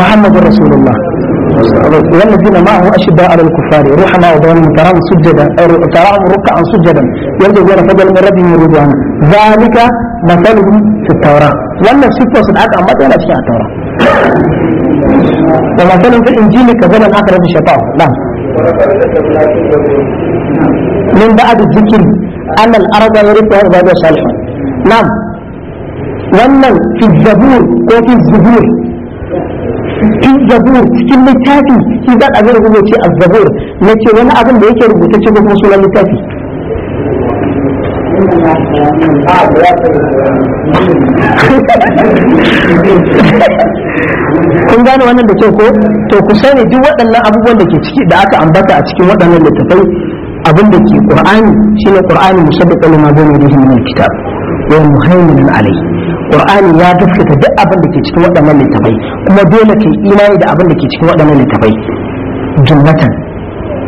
محمد رسول الله والذين معه أشداء على الكفار روحنا بينهم تراهم سجدا تراهم ركعا سجدا يرجون فضل من ربهم رضوانا ذلك مثلهم في التوراة ولا ستة وسبعات أمات ولا أشياء التوراة ومثلهم في الإنجيل كذل الآخر الشيطان لا نعم. من بعد الذكر أن الأرض يرثها عباد صالحون نعم wannan fi zabur ko fi zubur fi zabur cikin littafi shi za a zai ce a zabur na ce wani abin da yake rubuta ko kuma sunan littafi kun gane wannan da kyau ko to ku sani duk waɗannan abubuwan da ke ciki da aka ambata a cikin waɗannan littattafai abin da ke ƙur'ani shine qur'ani musaddiqan lima bayna yadayhi min alkitab wa muhaiminan alayhi qur'ani ya gaskata duk abin da ke cikin waɗannan littafai kuma dole kai imani da abin da ke cikin waɗannan littafai jumlatan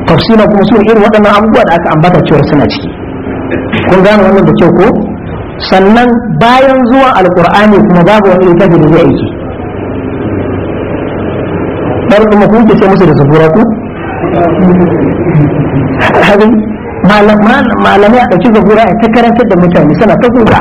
tafsiran kuma su irin waɗannan abubuwa da aka ambata cewa suna ciki kun gane wannan da kyau ko sannan bayan zuwan alqur'ani kuma babu wani littafi da zai aiki ɗan kuma kun ke ce musu da zabura ku malamai a ɗauki zabura ya ta karantar da mutane suna ta kuka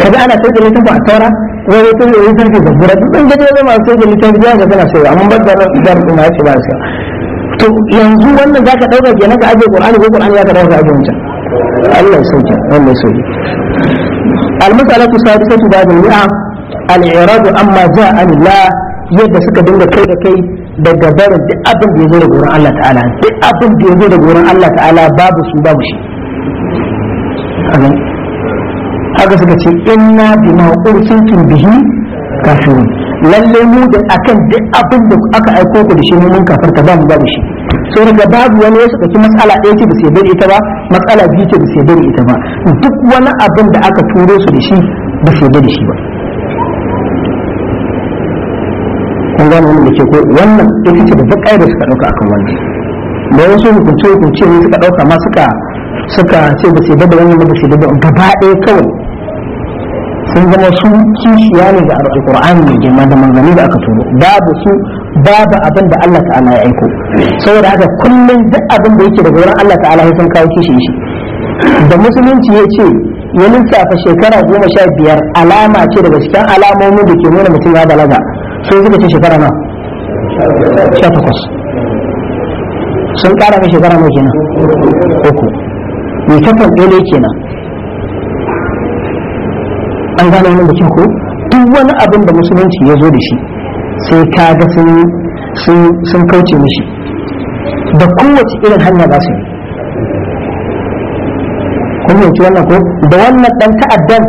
kaga ana sauke da littafin a taura wai wai sai da littafin zabura duk ɗan gaje zama sai da littafin ya ga tana sai amma ba da ran ɗin ya ce ba sai to yanzu wannan zaka dauka ke ka ajiye ƙul'ani ko ya zaka dauka ajiye wancan Allah ya sauke Allah ya sauke المسألة السادسة بعد المئة الإعراض أما جاء عن la yadda suka dinga kai da kai daga barin duk abin da ya zo da goron Allah ta'ala duk abin da ya zo da goron Allah ta'ala babu su babu shi haka suka ce inna bima ursiltum bihi kafirun lalle mu da akan duk abin da aka aiko ku da shi mun kafarta ba mu ba shi sai daga babu wani ya daki matsala ɗaya ce da su bari ita ba matsala biyu ce da su bari ita ba duk wani abin da aka turo su da shi ba su bari shi ba kun gano wani da ke ko wannan ita ce babbar ƙa'ida suka ɗauka akan wannan da wasu hukunce hukunce ne suka ɗauka ma suka suka ce ba su da wannan ba su da gaba ɗaya kawai sun zama su kishiya ne ga alƙur'ani mai girma da manzanni da aka turo babu su babu abin da Allah ta'ala ya aiko saboda haka kullum duk abin da yake daga wurin Allah ta'ala ya sun kawo kishi shi da musulunci ya ce ya lissafa shekara goma sha biyar alama ce daga cikin alamomin da ke nuna mutum ya balaga sun zuba ce shekara na sha takwas sun kara mai shekara mai kenan uku mai takan ne kenan an gane wannan da ke ko duk wani abin da musulunci ya zo da shi sai ka ga sun kauce mishi da kowace irin hanya za su yi kun yanki wannan ko da wannan dan ta'addan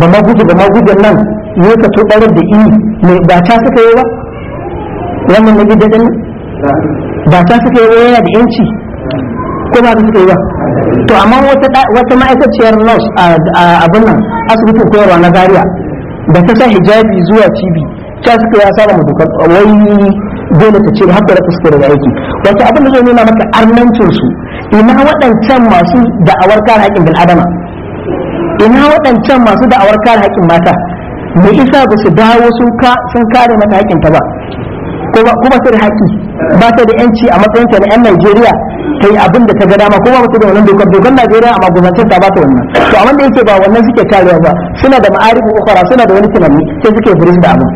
da magudu da magudan nan ne ka to ɗarar da ini mai ba ta suka yi ba wannan na gidan nan ba ta suka yi yana da yanci ko ba suka yi ba to amma wata ma'aikaciyar nurse a abin nan asibitin koyarwa na zaria da ta sa hijabi zuwa cibi ta suka ya saba mutu wai dole ta ce haka da fuskar da aiki wata abin da zai nuna maka arnancin su ina waɗancan masu da'awar kare haƙƙin bil'adama ina waɗancan masu da'awar kare haƙƙin mata me isa ba su dawo sun kare mata haƙƙinta ba kuma ta da haƙƙi ba ta da yanci a matsayin ta na yan Najeriya ta yi abin da ta ga dama kuma ba ta da wannan dokar dokar Najeriya a magudancin ta ba ta wannan to amma da yake ba wannan suke karewa ba suna da ma'arifin ukhra suna da wani tunani sai suke furis da abin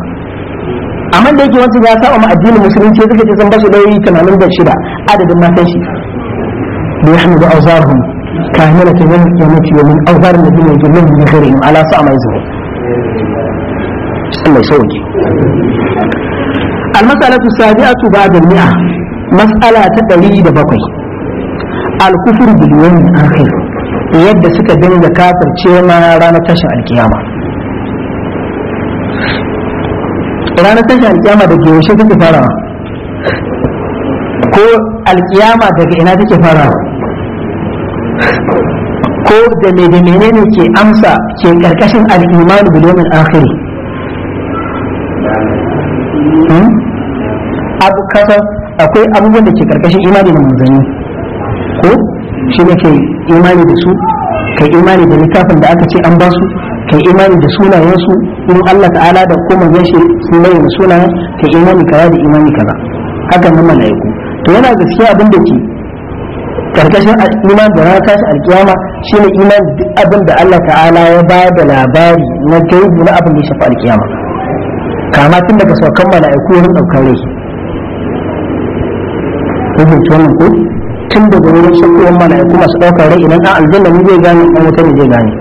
amma da yake wancan ya saba ma addinin musulunci suke ce sun bashi lauyi 86 adadin matan shi da yahmudu awzarhum كاملة يوم القيامة ومن أوزار الذين يجلون من غيرهم على ساعة ما يزورون الله يسوي almasalatu sabi'atu ba'da mi'a mas'ala ta 107 al-kufr bil yawm akhir yadda suka dinga kafirce ma ranar tashin alkiyama ranar tashin alkiyama da yaushe take farawa ko alkiyama daga ina take farawa ko da me da menene ke amsa ke ƙarƙashin al-iman bil yawm akhir hmm? abu kasan akwai abubuwan da ke karkashin imani da manzanni ko shi ne ke imani da su kai imani da littafin da aka ce an ba su kai imani da sunayensu in Allah ta'ala da kuma yashi sun bayyana sunayen kai imani kaza da imani kaza haka nan mala'iku to yana gaskiya abin da ke karkashin iman da ranar tashi alkiyama ne iman da abin da Allah ta'ala ya ba da labari na gaibu na abin da ya shafi alkiyama kama tun daga saukan mala'iku wurin daukar rai kun fahimci wannan ko tun daga wurin sakuwan mala'iku masu ɗaukar rai idan an aljanna ni zai gane ɗan wuta ne zai gane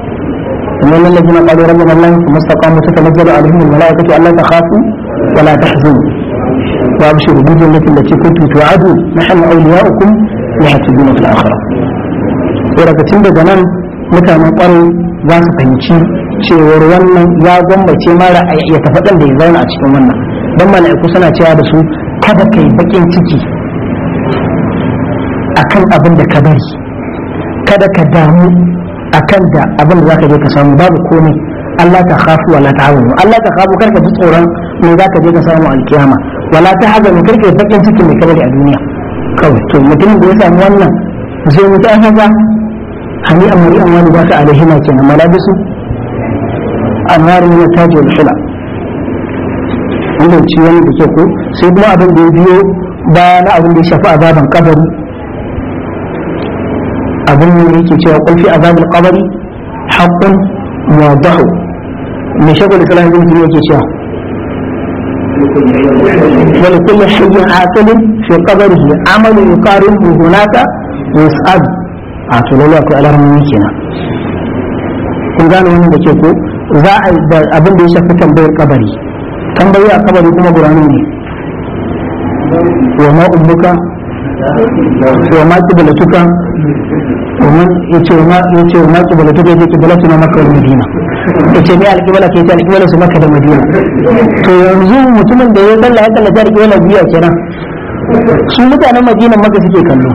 kuma nan lafi na ƙwaro rabin Allah kuma saƙon mutu ta nazarar alhimin mala'ikatu Allah ta khafu wala ta hazin wa bishe da gudun lafi da ce kuntu tu'adu na hannun auliya'ukum ya hasibu na fil'akhira sai daga tun daga nan mutanen ƙwaro za su fahimci cewar wannan ya gwambace mara ya tafi ɗan da ya zauna a cikin wannan don mala'iku suna cewa da su kada kai baƙin ciki akan abin da ka bari kada ka damu akan da abin da zaka je ka samu babu komai Allah ta khafu wala ta ta'awunu Allah ta khafu karka ji tsoron me zaka je ka samu alkiyama wala ta hazanu karka yi bakin cikin mai kabari a duniya kawai to mutumin da ya samu wannan zai mutu a haka hani amuri an wani ba ka alhima kenan malabisu anwar min taj wal hila wannan ciwon da ke ko sai kuma abin da ya biyo ba na abin da ya shafi azaban kabari abin ne yake cewa kulfi azabil qabri haqqun wadahu me shagul kalam din ne yake cewa ولكل حي عاقل في قبره عمل يقاربه هناك يسأل أعطوا الله على رميكنا kun gane wannan da ke ko za a da abin da ya shafi tambayar kabari tambayi a kabari kuma guranu ne wa ma ummuka وما قبلتك ومن يتي وما يتي وما قبلتك يتي قبلتنا مكة والمدينة yace ne alƙibla ke ta alƙibla su maka da madina to yanzu mutumin da ya sallah ya kalla ta alƙibla biya kenan su mutanen madina maka suke kallo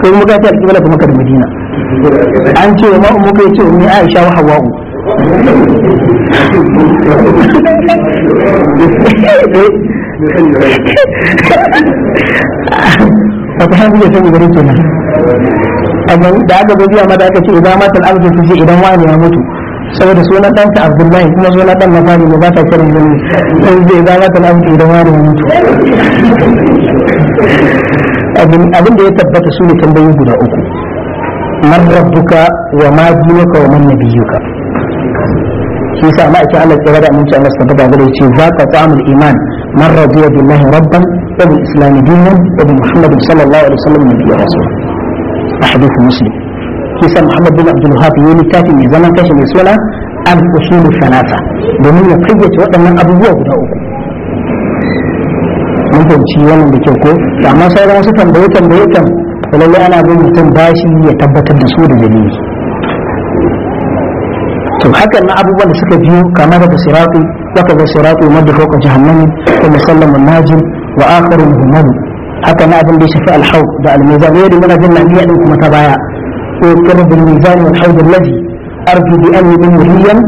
ko mu ga ta alƙibala kuma maka da madina an ce ma ma'u muka yace ummi aisha wa hawa'u wata hannu ya san gari kenan amma da aka da aka ce idan idan wani ya mutu saboda abdullahi kuma ɗan ne ba ta kiran zai idan idan wani ya mutu abin da ya tabbata su ne tambayi guda uku man rabbuka wa ma dinuka wa man nabiyuka shi yasa ma'aikin Allah ya gada mun ci Allah subhanahu wa ta'ala ce za ka ta'amul iman man radiya billahi rabban wa bil islam dinan wa bi muhammadin sallallahu alaihi wasallam nabiyyu rasul ahadith muslim shi yasa muhammad bin abdul wahab ya littafi ne zaman kashi ne suna al usul salasa domin ya fayyace waɗannan abubuwa guda uku mun fahimci wannan da kyau ko amma sauran wasu tambaye tambaye kan lallai ana bin mutum bashi ya tabbatar da su da dalili to hakan na abubuwan da suka biyo kama daga siratu waka ga siratu madda fawqa jahannami wa musallamun najim wa akharu muhammad haka na abin da ya shafi alhaud da almizan yau da muna jin lafiya din kuma ta baya ko qurbu almizan wal haud alladhi arju bi anni min riyan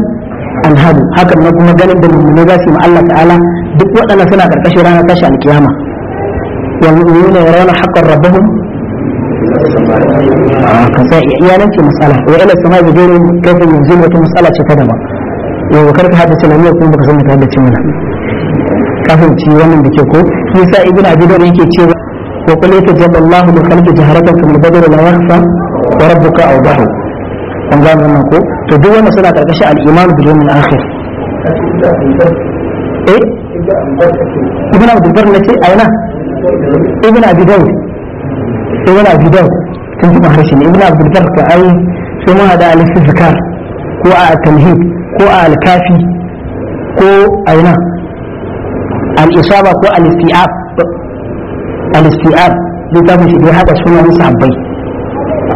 alhadu hakan na kuma ganin da mummune za su yi Allah ta'ala duk waɗanda suna karkashin ranar tashi alkiyama wal mu'minuna yarawna haqqan rabbahum ka sa iyalan ce matsala wa ila sama da gero kafin yanzu wata matsala ce ta daba yau karka ka haddace lamiya kuma baka san ka da cimina. kafin ci wannan da ke ko yasa ibnu abi yake cewa wa qul yatajalla Allahu bi khalqi jaharatan kamar badru la yakhfa wa rabbuka awdahu an ga nan ko to duk wannan suna karkashin al-iman bil yawmil akhir eh ibnu abi nace aina ibnu abi sai wani abu dan tun kuma harshe ne ibn abdul ka ko ai sai ma hada al ko a talhid ko a al ko aina al-isaba ko al-istiab al-istiab littafin shi da suna musu sahabbai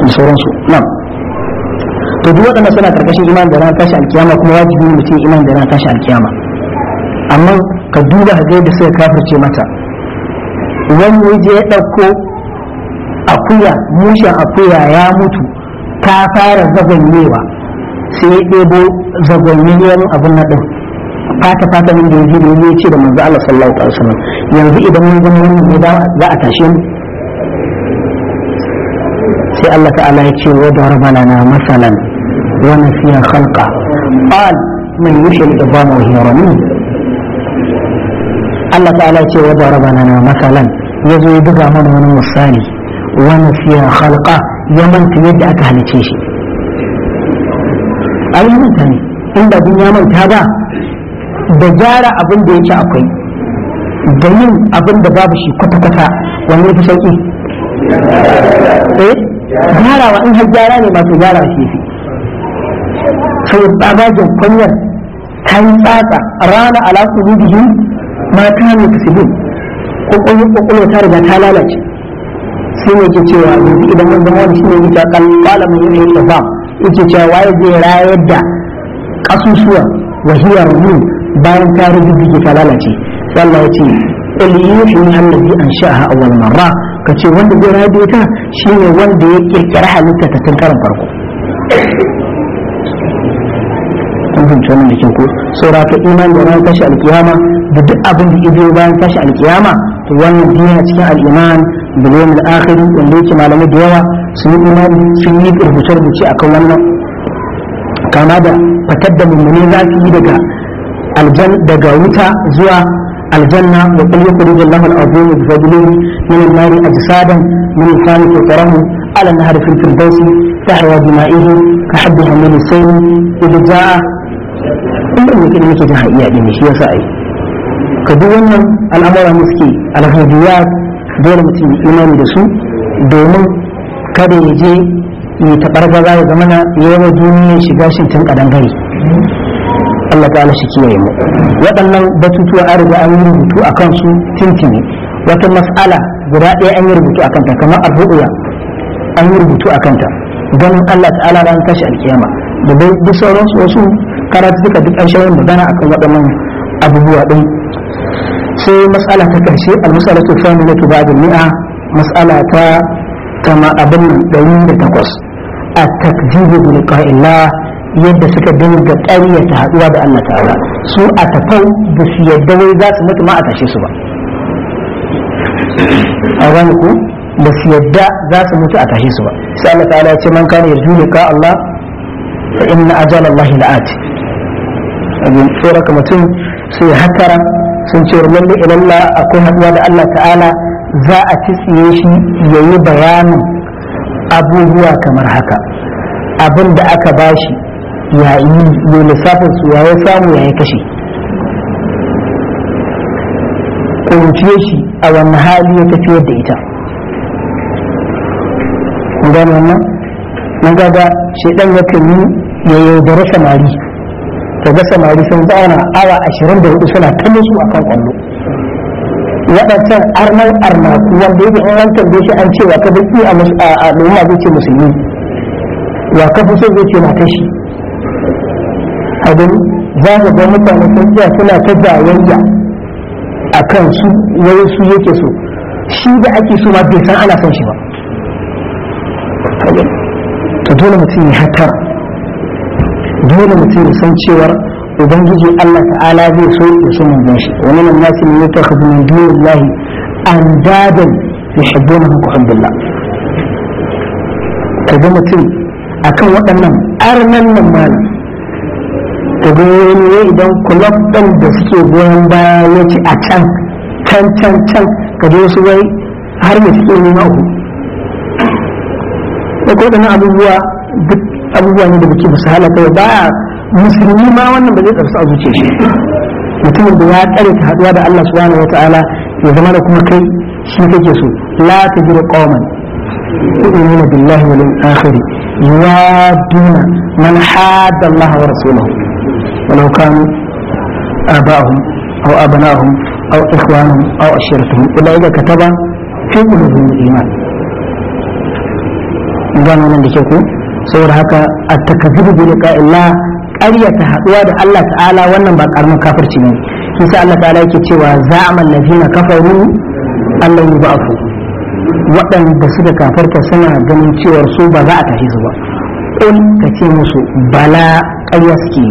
da sauransu nan. to duk waɗanda suna karkashin iman da ran tashi alkiyama kuma wajibi ne mutum iman da ran tashi alkiyama amma ka duba ga yadda suka kafirce mata wani waje ya ɗauko akuya mushin akuya ya mutu ta fara zagonyewa sai ya ɗebo zagonyewan abin na ɗin fata fata min da ya jiri ya ce da manzo Allah sallallahu alaihi wasallam yanzu idan mun ga mun da za a tashi mu sai Allah ta'ala ya ce wa darbana na masalan wa nasiya khalqa qal man yushil idama wa hiya ramin Allah ta'ala ya ce wa darbana na masalan yazo ya duba mana wani misali Wani nasiya halka ya manta yadda aka halice shi yi manta ne inda abin ya manta ba da gyara abin da yake akwai da yin abin da babu shi kwata-kwata wanne fi sauki eh gyarawa in har gyara ne masu gyara shi fi sai babajin kwanyar ta yi tsatsa rana ala kulubihim ma ta ne kasibin kokolwa ta riga ta lalace sai ne ke cewa yanzu idan an zama wani shine yake kan malamin yana yin ba yake cewa waye zai rayar da kasusuwa wa hiya ruhu bayan ta rubuce ta lalace sallah yace qul yuhyi allazi ansha'aha awwal marra kace wanda zai rayar ta shine wanda ya kirkira halitta ta tun karan farko kun fahimci wannan da kyau ko saura ka imani da ran tashi alkiyama da duk abin da ido bayan tashi alkiyama to wannan dina cikin al'iman da yawon al'akari wanda yake malamai da yawa sun yi imani sun yi rubuce-rubuce a kan wannan kama da fatar da mummuni za su yi daga aljan daga wuta zuwa aljanna wa kulli yukhrijul lahu al-azim bi fadlihi min an-nari ajsadan min al-fani tutarahu ala an-nahar fil firdausi tahwa dima'ihi ka haddahu min al-sayl idza jaa kullum ne kin muke jin ha'iya din shi yasa ai ka duk wannan al'amura ne suke al-hadiyat dole mutum ya imani da su domin kada ya je ya taɓar gaza ya zama na yawa duniya shiga shi tun kadan gari Allah ta'ala shi kiyaye mu waɗannan batutuwa an riga an yi rubutu a kansu tintini wata mas'ala guda ɗaya an yi rubutu a kanta kamar arru'uya an yi rubutu a kanta ganin Allah ta'ala ran tashi alkiyama da duk sauransu wasu karatu duka duk an shawar magana akan waɗannan abubuwa ɗin في مسألة تكهشي المسألة الثامنة بعد المئة مسألة كما أبن دليل تقص التكذيب بلقاء الله yadda suka dinga ƙaryata haɗuwa da Allah ta'ala su a tafau da su yadda wai za su mutu ma a tashe su ba a gane ku da su yadda za su mutu a tashe su ba sai Allah ta'ala ya ce man kana yarju liqa Allah fa inna ajala Allah la'at abin tsora ka mutum sai hatara sun ce lalle ilalla akwai haɗuwa da Allah ta'ala za a ci tsiye shi ya yi bayanin abubuwa kamar haka abin da aka bashi ya yi ya lissafin su ya samu ya yi kashe ƙuruciye shi a wani hali ya tafiyar da ita gano nan na gaba shaidan yakan yi ya yaudara samari ka ga samari sun zauna awa ashirin da hudu suna ta musu a kan kwallo waɗancan arnar arna wanda yake in an tambaye shi an ce wa ka bai a al'umma zai ce musulmi wa ka fi so zai ce na shi abin za ka ga mutane sun tsaya suna ta jayayya a kan su wani su yake so shi da ake so ma bai san ana son shi ba to dole mutum ya hatara dole mutum san cewar ubangiji Allah ta'ala zai so ya so mun shi wani nan nasu ne ta khabu min dunillahi an dadan yuhibbuna ka hubbillah kaga mutum akan waɗannan arnan nan malam kaga wani ne idan kulab ɗan da suke goyon baya ya ci a can can can can kaga wasu wai har ya suke nema uku ko waɗannan abubuwa duk abubuwa ne da baki ba su halaka ba musulmi ma wannan ba zai karsu a zuciya shi mutumin da ya tsare ta haduwa da Allah subhanahu wataala ya zama da kuma kai shi kake so la ta jira qauman yu'minuna billahi wal akhir duna man hadda Allah wa rasulahu walau kanu aba'ahum aw abana'ahum aw ikhwanahum aw ashiratahum ulaika kataba fi qulubihim iman gano nan da ke ku saboda haka at-takazzubu bi illa qaryata haduwa da Allah ta'ala wannan ba karamin kafirci ne kisa Allah ta'ala yake cewa za'amal ladina kafaru Allah ya yub'athu waɗanda suka kafarta suna ganin cewa su ba za a tafi su ba kun ka ce musu bala ƙarya suke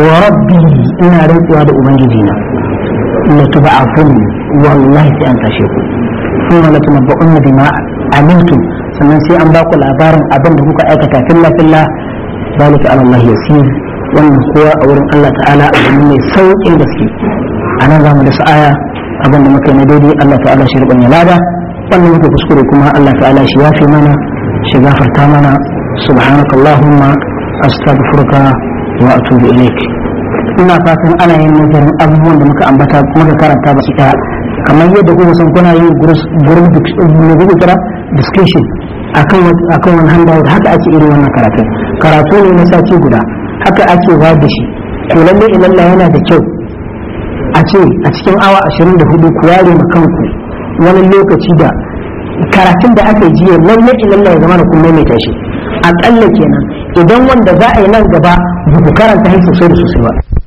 wa rabbi ina rantsuwa da ubangijina na la tub'athun wallahi sai an tashe ku kuma na la tunabba'un bima amiltum sannan sai an ba ku labarin abin da kuka aikata filla filla zalika ala Allah yasir wannan kowa a wurin Allah ta'ala abin mai sauƙin gaske anan zamu da aya abin da muka yi na daidai Allah ta'ala shi rubanya lada wannan muka kuskure kuma Allah ta'ala shi yafi mana shi gafarta mana subhanaka allahumma astaghfiruka wa atubu ilaik ina fatan ana yin nazarin abubuwan da muka ambata muka karanta ba su ta kamar yadda kuma san kuna yin gurin kuka kira discussion kan wani handout haka ake irin wannan karatun karatu ne na sace guda haka ake ba da shi ko lalle ilalla yana da kyau a ce a cikin awa 24 ku ware ma kanku wani lokaci da karatun da aka jiya lalle ilalla ya zama da kuma mai tashi akalla kenan idan wanda za a yi nan gaba ba ku karanta shi sosai da sosai ba